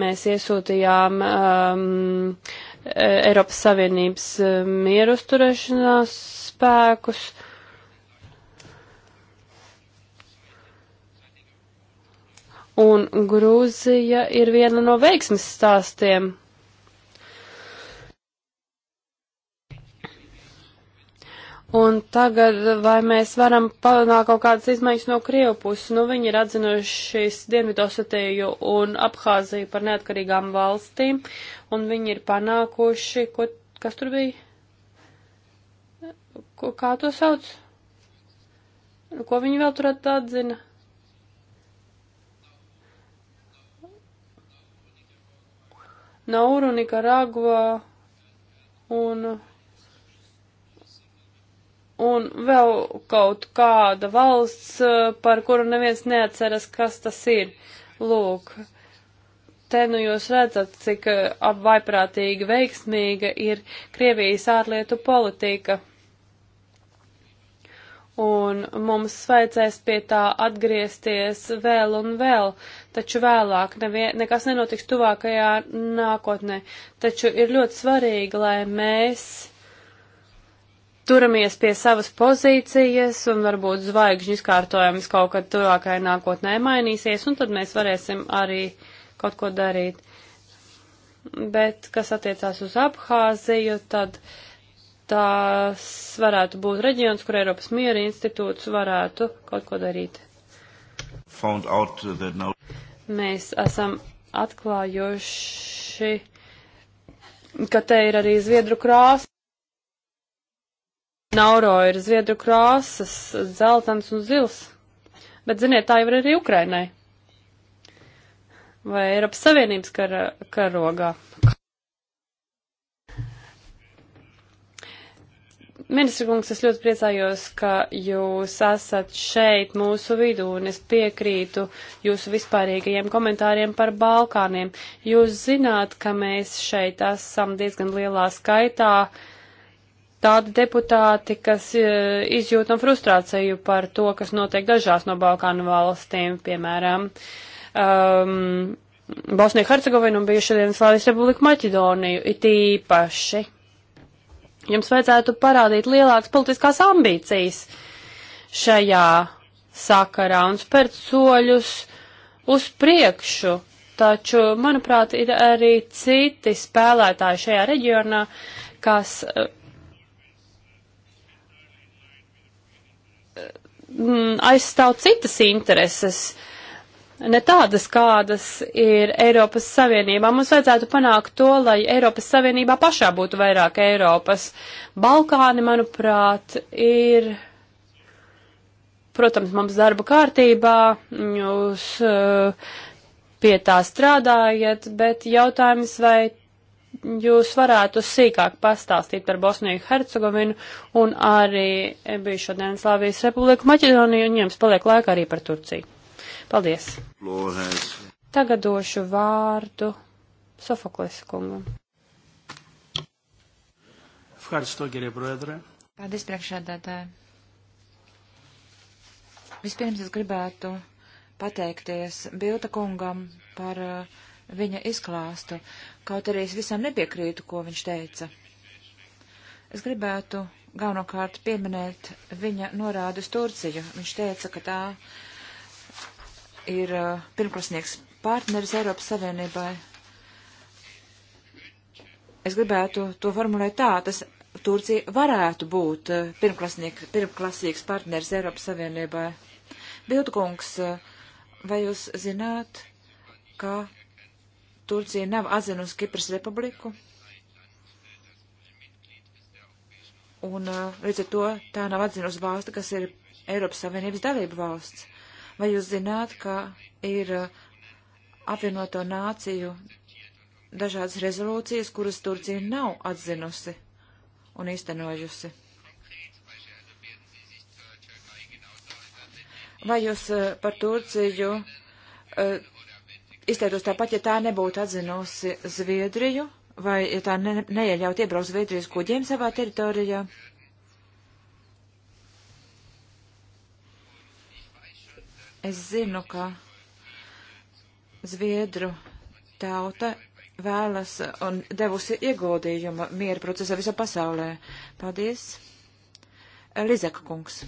Mēs iesūtījām um, e, Eiropas Savienības e, mierusturēšanās spēkus. Un Grūzija ir viena no veiksmes stāstiem Un tagad, vai mēs varam panākt kaut kādas izmaiņas no Krievu puses? Nu, viņi ir atzinuši šīs Dienvidosetēju un Abhāziju par neatkarīgām valstīm, un viņi ir panākuši, ko, kas tur bija? Ko, kā to sauc? Nu, ko viņi vēl tur atzina? Nauru, Nikaragua un. Uh, un vēl kaut kāda valsts, eh, par kuru neviens neatceras, kas tas ir. Lūk, te nu jūs redzat, cik eh, apvaiprātīgi veiksmīga ir Krievijas ārlietu politika. Un mums vajadzēs pie tā atgriezties vēl un vēl, taču vēlāk nevie, nekas nenotiks tuvākajā nākotnē. Taču ir ļoti svarīgi, lai mēs turamies pie savas pozīcijas un varbūt zvaigžņu izkārtojums kaut kad tuvākajā nākotnē mainīsies, un tad mēs varēsim arī kaut ko darīt. Bet, kas attiecās uz Abhāziju, tad tās varētu būt reģions, kur Eiropas miera institūts varētu kaut ko darīt. No... Mēs esam atklājuši, ka te ir arī Zviedru krāsa. Nauro ir zviedru krāsas, zeltans un zils. Bet, ziniet, tā jau ir arī Ukrainai. Vai Eiropas Savienības kar, karogā. Ministra kungs, es ļoti priecājos, ka jūs esat šeit mūsu vidū, un es piekrītu jūsu vispārīgajiem komentāriem par Balkāniem. Jūs zināt, ka mēs šeit esam diezgan lielā skaitā. Uh, tādi deputāti, kas e, izjūtam frustrāciju par to, kas notiek dažās no Balkānu valstīm, piemēram, um, Bosnija Hercegovina un bijušā dienas Slāvijas Republika Maķedoniju it īpaši. Jums vajadzētu parādīt lielākas politiskās ambīcijas šajā sakarā un spērt soļus uz priekšu, taču, manuprāt, ir arī citi spēlētāji šajā reģionā, kas uh, m, mm, aizstāv citas intereses, ne tādas, kādas ir Eiropas Savienībā. Mums vajadzētu panākt to, lai Eiropas Savienībā pašā būtu vairāk Eiropas. Balkāni, manuprāt, ir. Protams, mums darba kārtībā, jūs uh, pie tā strādājat, bet jautājums, vai jūs varētu sīkāk pastāstīt par Bosniju Hercegovinu un arī bijušo Dienaslāvijas republiku Maķedoniju, un jums paliek laika arī par Turciju. Paldies! Lūdzu. Tagad došu vārdu Sofoklis kungam. Paldies, priekšādātāji! Vispirms es gribētu pateikties Bilta kungam par uh, viņa izklāstu, kaut arī es visam nepiekrītu, ko viņš teica. Es gribētu galvenokārt pieminēt viņa norādu uz Turciju. Viņš teica, ka tā ir uh, pirmklasnieks partneris Eiropas Savienībai. Es gribētu to formulēt tā, tas Turcija varētu būt uh, pirmklasīgs partneris Eiropas Savienībai. Bildkungs, uh, vai jūs zināt, ka Turcija nav atzinusi Kipras republiku. Un līdz ar to tā nav atzinusi valsti, kas ir Eiropas Savienības dalība valsts. Vai jūs zināt, ka ir apvienoto nāciju dažādas rezolūcijas, kuras Turcija nav atzinusi un īstenojusi? Vai jūs par Turciju izteiktos tāpat, ja tā nebūtu atzinusi Zviedriju, vai ja tā ne, neieļaut iebraukt Zviedrijas kuģiem savā teritorijā. Es zinu, ka Zviedru tauta vēlas un devusi ieguldījumu miera procesā visā pasaulē. Paldies. Lizeka kungs.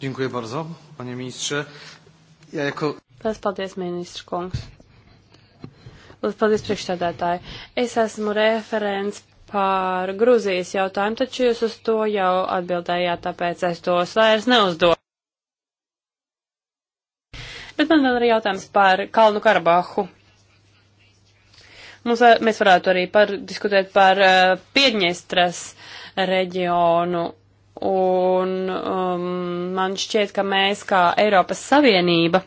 Dziękuję bardzo, panie ministrze. Ja jako... Paldies, paldies, ministrs kungs. Paldies, priekšstādātāji. Es esmu referents par Gruzijas jautājumu, taču jūs uz to jau atbildējāt, tāpēc es tos vairs neuzdodu. Bet man vēl ir jautājums par Kalnu Karabahu. Mums, mēs varētu arī par, diskutēt par uh, Piedņestras reģionu. Un um, man šķiet, ka mēs kā Eiropas Savienība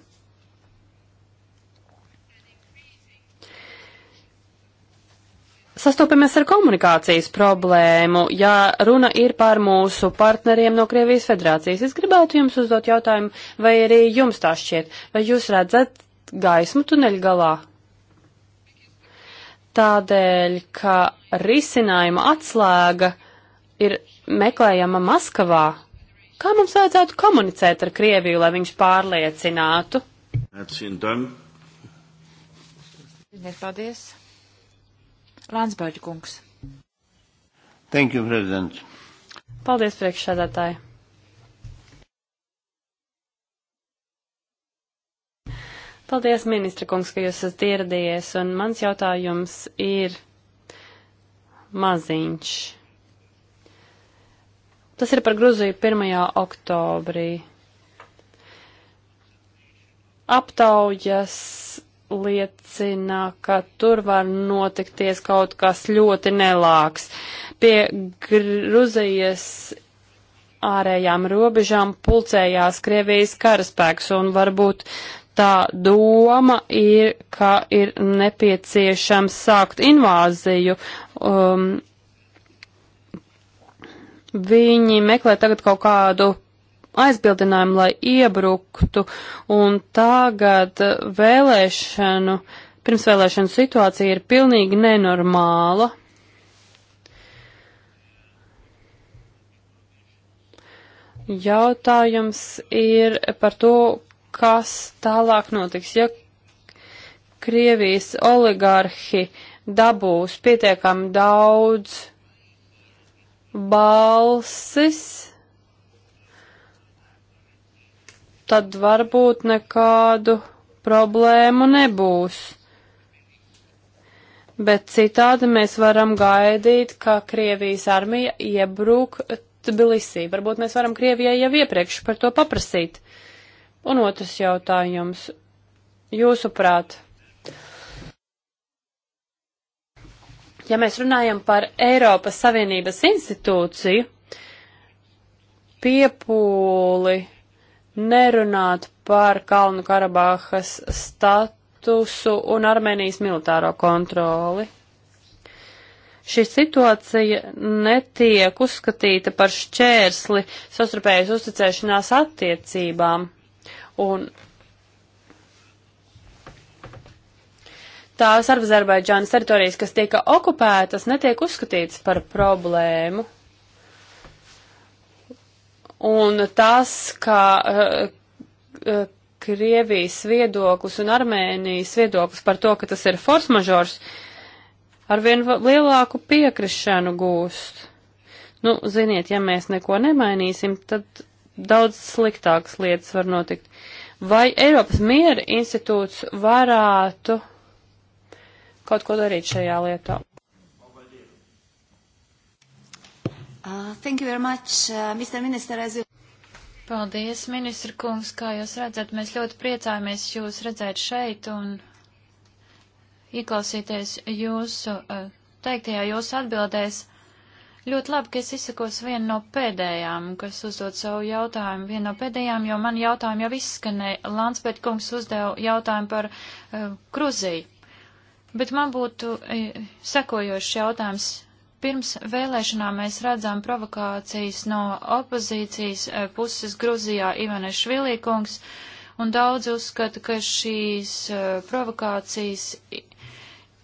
sastopamies ar komunikācijas problēmu, ja runa ir par mūsu partneriem no Krievijas federācijas. Es gribētu jums uzdot jautājumu, vai arī jums tā šķiet, vai jūs redzat gaismu tuneļu galā? Tādēļ, ka risinājuma atslēga ir meklējama Maskavā. Kā mums vajadzētu komunicēt ar Krieviju, lai viņš pārliecinātu? Paldies! Lānsbērģa kungs. Thank you, President. Paldies, priekšsēdētāji. Paldies, ministra kungs, ka jūs esat ieradies, un mans jautājums ir maziņš. Tas ir par Gruziju 1. oktobrī. Aptaujas liecina, ka tur var notikties kaut kas ļoti nelāks. Pie Gruzijas ārējām robežām pulcējās Krievijas karaspēks, un varbūt tā doma ir, ka ir nepieciešams sākt invāziju. Um, viņi meklē tagad kaut kādu aizbildinājumu, lai iebruktu, un tagad vēlēšanu, pirmsvēlēšanu situācija ir pilnīgi nenormāla. Jautājums ir par to, kas tālāk notiks. Ja Krievijas oligārhi dabūs pietiekami daudz balsis, tad varbūt nekādu problēmu nebūs. Bet citādi mēs varam gaidīt, ka Krievijas armija iebrūk Tbilisī. Varbūt mēs varam Krievijai jau iepriekš par to paprasīt. Un otrs jautājums. Jūsuprāt, ja mēs runājam par Eiropas Savienības institūciju, piepūli nerunāt par Kalnu Karabahas statusu un Armēnijas militāro kontroli. Šī situācija netiek uzskatīta par šķērsli sastarpējas uzticēšanās attiecībām, un tās Azerbaidžānas teritorijas, kas tika okupētas, netiek uzskatītas par problēmu. Un tas, ka eh, eh, Krievijas viedoklis un Armēnijas viedoklis par to, ka tas ir force mažors, arvien lielāku piekrišanu gūst. Nu, ziniet, ja mēs neko nemainīsim, tad daudz sliktākas lietas var notikt. Vai Eiropas miera institūts varētu kaut ko darīt šajā lietā? Uh, thank you very much, uh, Mr. Minister. As you... Paldies, ministra kungs, kā jūs redzat, mēs ļoti priecājamies jūs redzēt šeit un ieklausīties jūsu uh, teiktajā jūsu atbildēs. Ļoti labi, ka es izsakos vienu no pēdējām, kas uzdod savu jautājumu, vienu no pēdējām, jo man jautājumu jau izskanēja. Lanspēt kungs uzdeva jautājumu par uh, Gruziju. Bet man būtu uh, sekojošs jautājums. Pirms vēlēšanām mēs redzam provokācijas no opozīcijas eh, puses Gruzijā Ivanes Švilīkungs, un daudzi uzskata, ka šīs eh, provokācijas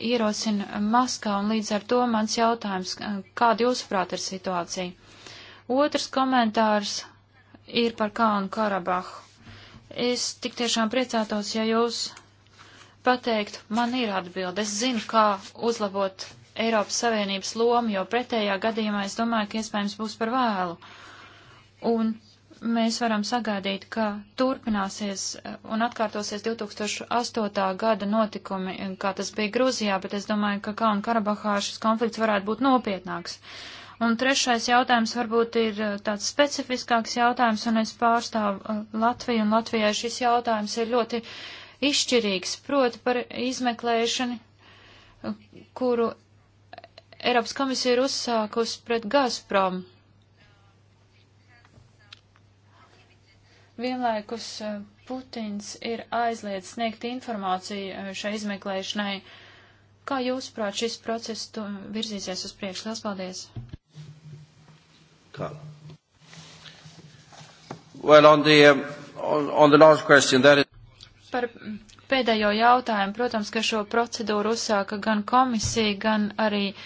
ierosina Maskava, un līdz ar to mans jautājums, eh, kāda jūsuprāt ir situācija? Otrs komentārs ir par Kalnu Karabahu. Es tik tiešām priecātos, ja jūs pateikt, man ir atbilde, es zinu, kā uzlabot Eiropas Savienības lomu, jo pretējā gadījumā es domāju, ka iespējams būs par vēlu. Un mēs varam sagādīt, ka turpināsies eh, un atkārtosies 2008. gada notikumi, eh, kā tas bija Grūzijā, bet es domāju, ka Kalnu Karabahā šis konflikts varētu būt nopietnāks. Un trešais jautājums varbūt ir eh, tāds specifiskāks jautājums, un es pārstāvu Latviju, un Latvijai šis jautājums ir ļoti izšķirīgs, proti par izmeklēšanu, kuru Eiropas komisija ir uzsākus pret Gazprom. Vienlaikus eh, Putins ir aizliedz sniegt informāciju eh, šai izmeklēšanai. Kā jūs prāt šis process virzīsies uz priekšu? Lielas paldies! Kā? Well, on the, um, on, on the last question, that is... Par pēdējo jautājumu, protams, ka šo procedūru uzsāka gan komisija, gan arī uh,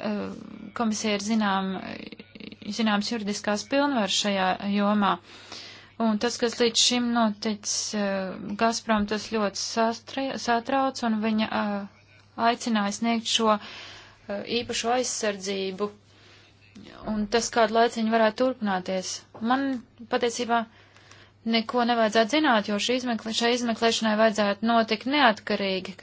Eh, komisija ir zinām, zināms juridiskās pilnvaras šajā jomā. Un tas, kas līdz šim noticis eh, Gazprom, tas ļoti sastri, satrauc, un viņa eh, aicināja sniegt šo īpašo aizsardzību. Un tas kādu laiciņu varētu turpināties. Man patiesībā neko nevajadzētu zināt, jo šai izmeklē, izmeklēšanai vajadzētu notikt neatkarīgi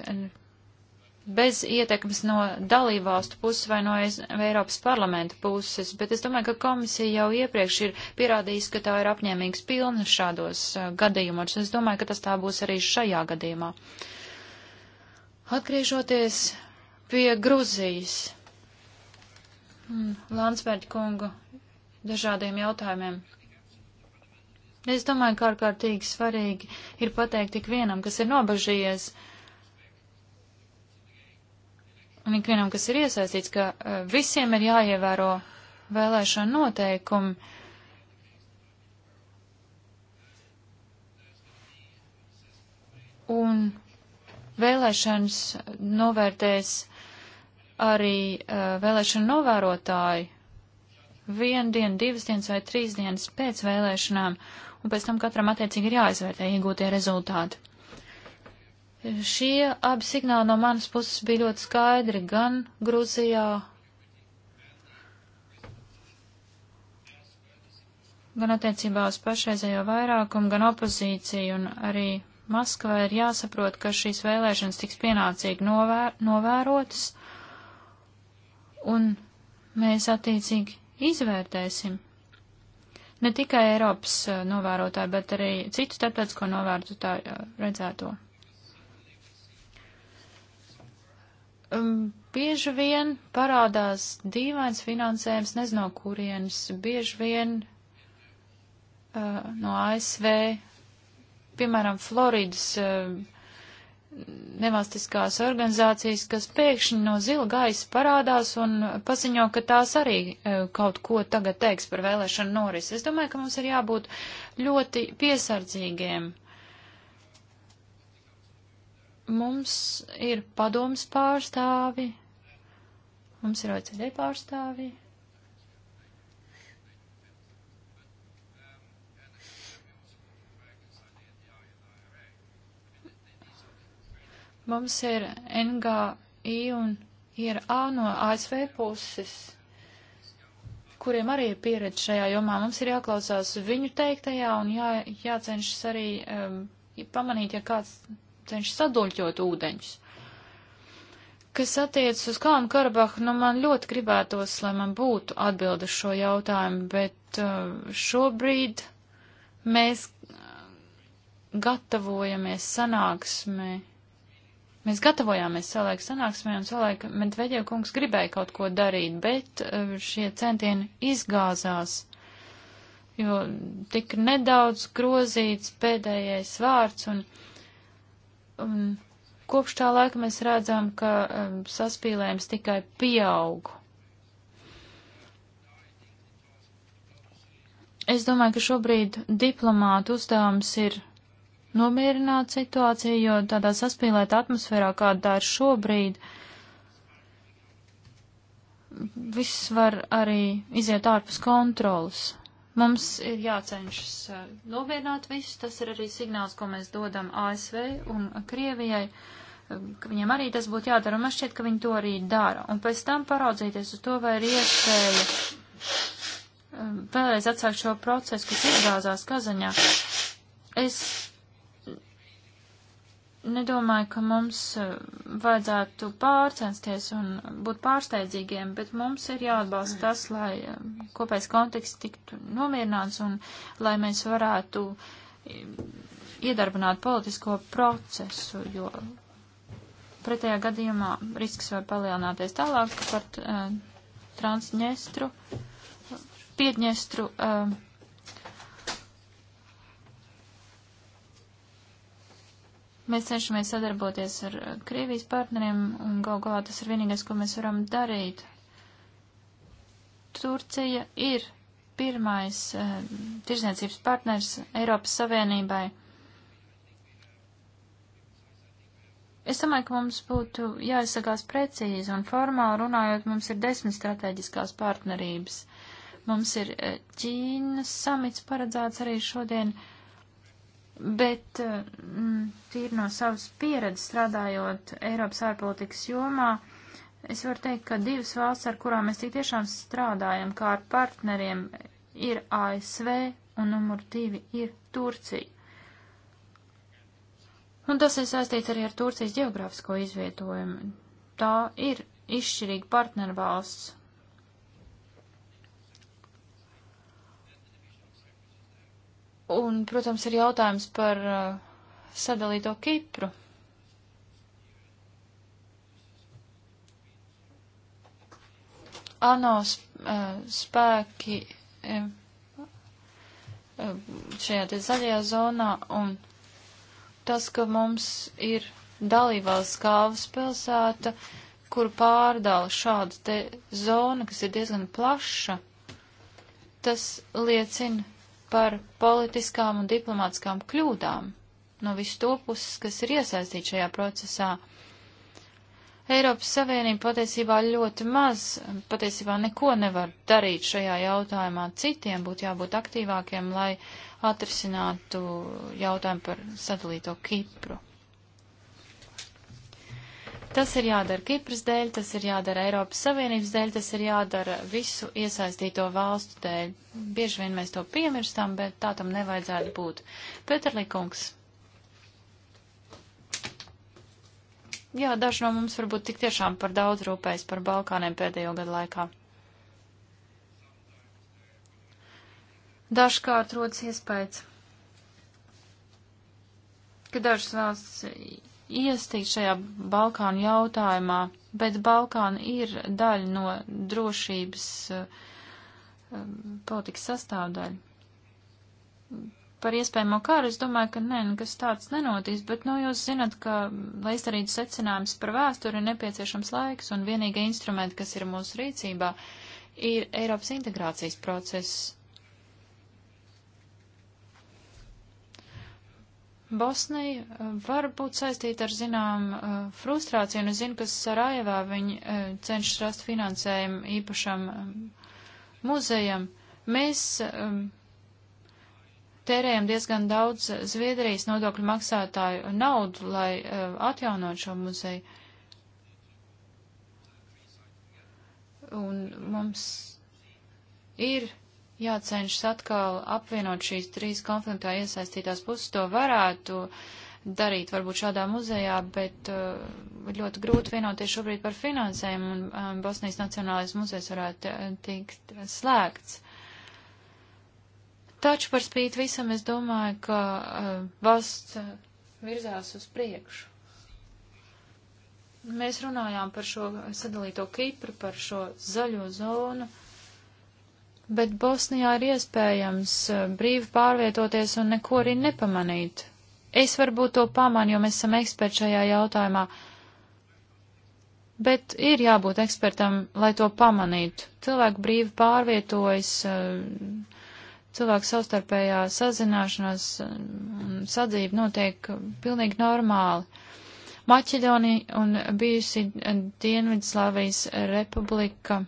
bez ietekmes no dalībvalstu puses vai no Eiropas parlamenta puses, bet es domāju, ka komisija jau iepriekš ir pierādījusi, ka tā ir apņēmīgs pilna šādos uh, gadījumos. Es domāju, ka tas tā būs arī šajā gadījumā. Atgriežoties pie Gruzijas, hmm, Landsbērģa kungu dažādiem jautājumiem. Es domāju, ka ārkārtīgi svarīgi ir pateikt tik vienam, kas ir nobažījies. Uh, un ikvienam, kas ir iesaistīts, ka eh, visiem ir jāievēro vēlēšana noteikumi. Un vēlēšanas novērtēs arī uh, vēlēšana novērotāji vienu dienu, divas dienas vai trīs dienas pēc vēlēšanām, un pēc tam katram attiecīgi ir jāizvērtē iegūtie rezultāti. Šie abi signāli no manas puses bija ļoti skaidri gan Gruzijā, gan attiecībā uz pašreizējo vairākumu, gan opozīciju un arī Maskavai ir jāsaprot, ka šīs vēlēšanas tiks pienācīgi novēr novērotas un mēs attiecīgi izvērtēsim ne tikai Eiropas eh, novērotāju, bet arī citu starptautisko novērotāju eh, redzēto. Um, bieži vien parādās dīvains finansējums, nezinu, no kurienes, bieži vien uh, no ASV, piemēram, Floridas uh, nevalstiskās organizācijas, kas pēkšņi no zila gaisa parādās un paziņo, ka tās arī uh, kaut ko tagad teiks par vēlēšanu norisi. Es domāju, ka mums ir jābūt ļoti piesardzīgiem. Uh, Mums ir padomas pārstāvi, mums ir OECD pārstāvi. Mums ir NGI un IRA no ASV puses kuriem arī ir pieredze šajā jomā. Mums ir jāklausās viņu teiktajā un jā, jācenšas arī um, pamanīt, ja kāds cenšas sadulķot ūdeņus. Kas attiecas uz Kalnu Karabahu, nu man ļoti gribētos, lai man būtu atbildes šo jautājumu, bet uh, šobrīd mēs gatavojamies sanāksmē. Mēs gatavojāmies savulaik sanāksmē un savulaik Medveģev kungs gribēja kaut ko darīt, bet uh, šie centieni izgāzās, jo tik nedaudz grozīts pēdējais vārds un. Uh, um, kopš tā laika mēs redzam, ka um, saspīlējums tikai pieaug. Es domāju, ka šobrīd diplomātu uzdevums ir nomierināt situāciju, jo tādā saspīlēta atmosfērā, kāda tā ir šobrīd, viss var arī iziet ārpus kontrolas. Mums ir jācenšas eh, novienāt visus, tas ir arī signāls, ko mēs dodam ASV un Krievijai, eh, ka viņiem arī tas būtu jādara, un man šķiet, ka viņi to arī dara. Un pēc tam paraudzīties uz to, vai ir iespēja eh, vēlreiz atsākt šo procesu, kas izgāzās Kazaņā. Es nedomāju, ka mums eh, vajadzētu pārcensties un būt pārsteidzīgiem, bet mums ir jāatbalsta tas, lai eh, kopējs konteksts tiktu nomierināts un lai mēs varētu eh, iedarbināt politisko procesu, jo pretējā gadījumā risks var palielināties tālāk par uh, Transņestru, Piedņestru. Uh, Mēs cenšamies sadarboties ar eh, Krievijas partneriem, un gal galā tas ir vienīgais, ko mēs varam darīt. Turcija ir pirmais uh, tirzniecības partners Eiropas Savienībai. Es domāju, ka mums būtu jāizsakās precīzi un formāli runājot, mums ir desmit strateģiskās partnerības. Mums ir eh, Ķīnas samits paredzēts arī šodien. Uh, bet eh, mm, tīri no savas pieredzes strādājot Eiropas ārpolitikas jomā, es varu teikt, ka divas valsts, ar kurām mēs tik tiešām strādājam kā ar partneriem, ir ASV un numur divi ir Turcija. Un tas ir saistīts arī ar Turcijas geogrāfisko izvietojumu. Tā ir izšķirīga partnervalsts Un, protams, ir jautājums par uh, sadalīto Kipru. ANO uh, spēki um, uh, šajā te zaļajā zonā un tas, ka mums ir dalībvalsts Kāvas pilsēta, kur pārdala šāda te zona, kas ir diezgan plaša, tas liecina par politiskām un diplomātiskām kļūdām no visu to puses, kas ir iesaistīti šajā procesā. Eiropas Savienība patiesībā ļoti maz, patiesībā neko nevar darīt šajā jautājumā. Citiem būtu jābūt aktīvākiem, lai atrisinātu jautājumu par sadalīto Kipru. Tas ir jādara Kipras dēļ, tas ir jādara Eiropas Savienības dēļ, tas ir jādara visu iesaistīto valstu dēļ. Bieži vien mēs to piemirstam, bet tā tam nevajadzētu būt. Peterlikungs. Jā, daži no mums varbūt tik tiešām par daudz rūpējas par Balkāniem pēdējo gadu laikā. Dažkārt rodas iespējas, ka dažas valsts iestīt šajā Balkānu jautājumā, bet Balkāna ir daļa no drošības eh, politikas sastāvdaļa. Par iespējamo kāru es domāju, ka nē, nekas tāds nenotīs, bet, nu, jūs zinat, ka, lai izdarītu secinājumus par vēsturi, ir nepieciešams laiks, un vienīgie instrumenti, kas ir mūsu rīcībā, ir Eiropas integrācijas process, Bosnija eh, var būt saistīta ar zinām eh, frustrāciju, un es zinu, ka Sarajevā viņi eh, cenšas rast finansējumu īpašam muzejam. Mēs tērējam diezgan daudz Zviedrijas nodokļu maksātāju naudu, lai atjaunot šo muzeju. Un mums ir jācenšas atkal apvienot šīs trīs konfliktā iesaistītās puses. To varētu darīt varbūt šādā muzejā, bet uh, ļoti grūti vienoties šobrīd par finansējumu, un um, Bosnijas Nacionālais muzejs varētu uh, tikt slēgts. Taču par spīti visam es domāju, ka uh, valsts uh, virzās uz priekšu. Mēs runājām par šo sadalīto Kipru, par šo zaļo zonu. Uh, bet Bosnijā ir iespējams eh, brīvi pārvietoties un neko arī nepamanīt. Es varbūt to pamanu, jo mēs esam eksperti šajā jautājumā, bet ir jābūt ekspertam, lai to pamanītu. Cilvēki brīvi pārvietojas, eh, cilvēku savstarpējā sazināšanās eh, un sadzīve notiek pilnīgi normāli. Maķedonija un bijusi Dienvidslāvijas republika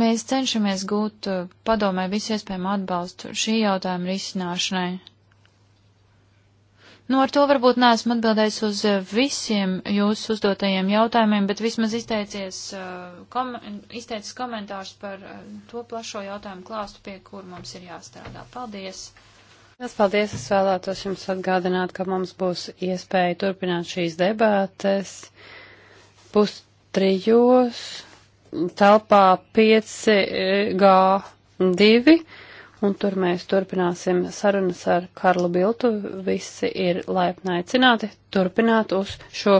Mēs cenšamies gūt uh, padomē visu iespējamo atbalstu šī jautājuma risināšanai. Nu, ar to varbūt neesmu atbildējis uz uh, visiem jūsu uzdotajiem jautājumiem, bet vismaz izteicies, uh, kom, izteicis komentārs par to plašo jautājumu klāstu, pie kur mums ir jāstrādā. Paldies! Es paldies, es vēlētos jums atgādināt, ka mums būs iespēja turpināt šīs debātes pustrijos telpā 5G2, un tur mēs turpināsim sarunas ar Karlu Biltu. Visi ir laipni aicināti turpināt uz šo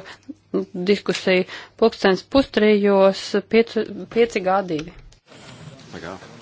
diskusiju pulkstens pustrījos 5G2. Pagāju.